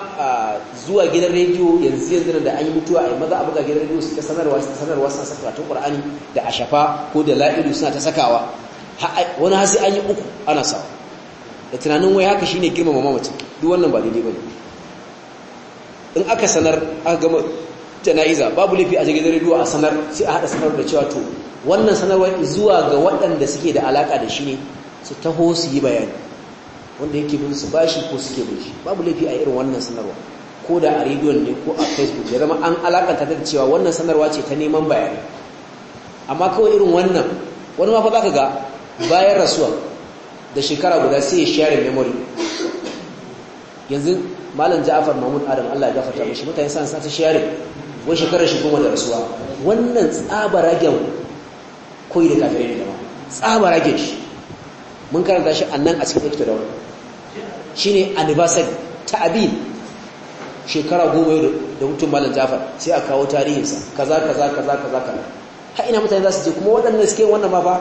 Speaker 1: zuwa gidan rediyo yanzu yanzu da an yi mutuwa a yi maza a buga gidan rediyo su sanarwa su sanarwa suna saka karatun ƙur'ani da ashafa ko da la'ilu suna ta sakawa wani hasi an yi uku ana sa da tunanin wai haka shine girmama mamaci duk wannan ba daidai bane in aka sanar aka gama jana'iza babu laifi a gidan rediyo a sanar sai a haɗa sanar da cewa to wannan sanarwar zuwa ga waɗanda suke da alaƙa da shi ne su taho su yi bayani wanda yake bin su bashi ko suke bin shi babu laifi a irin wannan sanarwa ko da a rediyon ne ko a facebook ya zama an alakanta da cewa wannan sanarwa ce ta neman bayani amma kawai irin wannan wani mafa zaka ga bayan rasuwa da shekara guda sai ya share memory yanzu malam ja'afar mahmud adam allah ya gafarta mashi mutane sa sa ta share wani shekarar shi goma da rasuwa wannan tsabaragen koi koyi da kafirai ne jama'a tsaba shi mun karanta shi annan a cikin shi shine anniversary ta'abin shekara goma da mutum malam Jafar sai a kawo tarihinsa kaza kaza kaza kaza kaza har ina mutane za su je kuma waɗannan suke wannan ma fa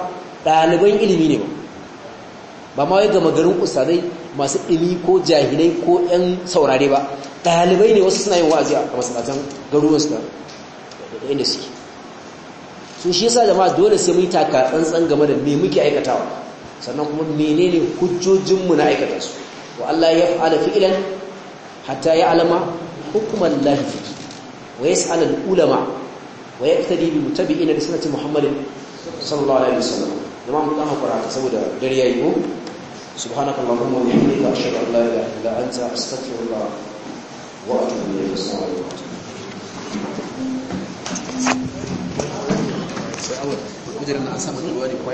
Speaker 1: ɗaliban ilimi ne ba ba ma wai gama garin ustadai masu ɗimi ko jahilai ko ƴan saurare ba ɗalibai ne wasu suna yin wa'azi a masalatan garuruwansu da inda suke su shi yasa jama'a dole sai mu yi taka tsantsan game da me muke aikatawa sannan kuma menene hujjojinmu na aikata su wa Allah ya fa'ala fi'lan hatta ya alama hukuman lahi fiqi wa yas'al al ulama wa yaqtadi bi mutabi'ina bi sunnati muhammadin sallallahu alaihi wasallam jama'a mun kafa karatu saboda dare yayi ko subhanakallahumma wa bihamdika ashhadu an la ilaha illa anta astaghfiruka wa atubu ilayk assalamu alaikum
Speaker 2: sai awal na asabar da wani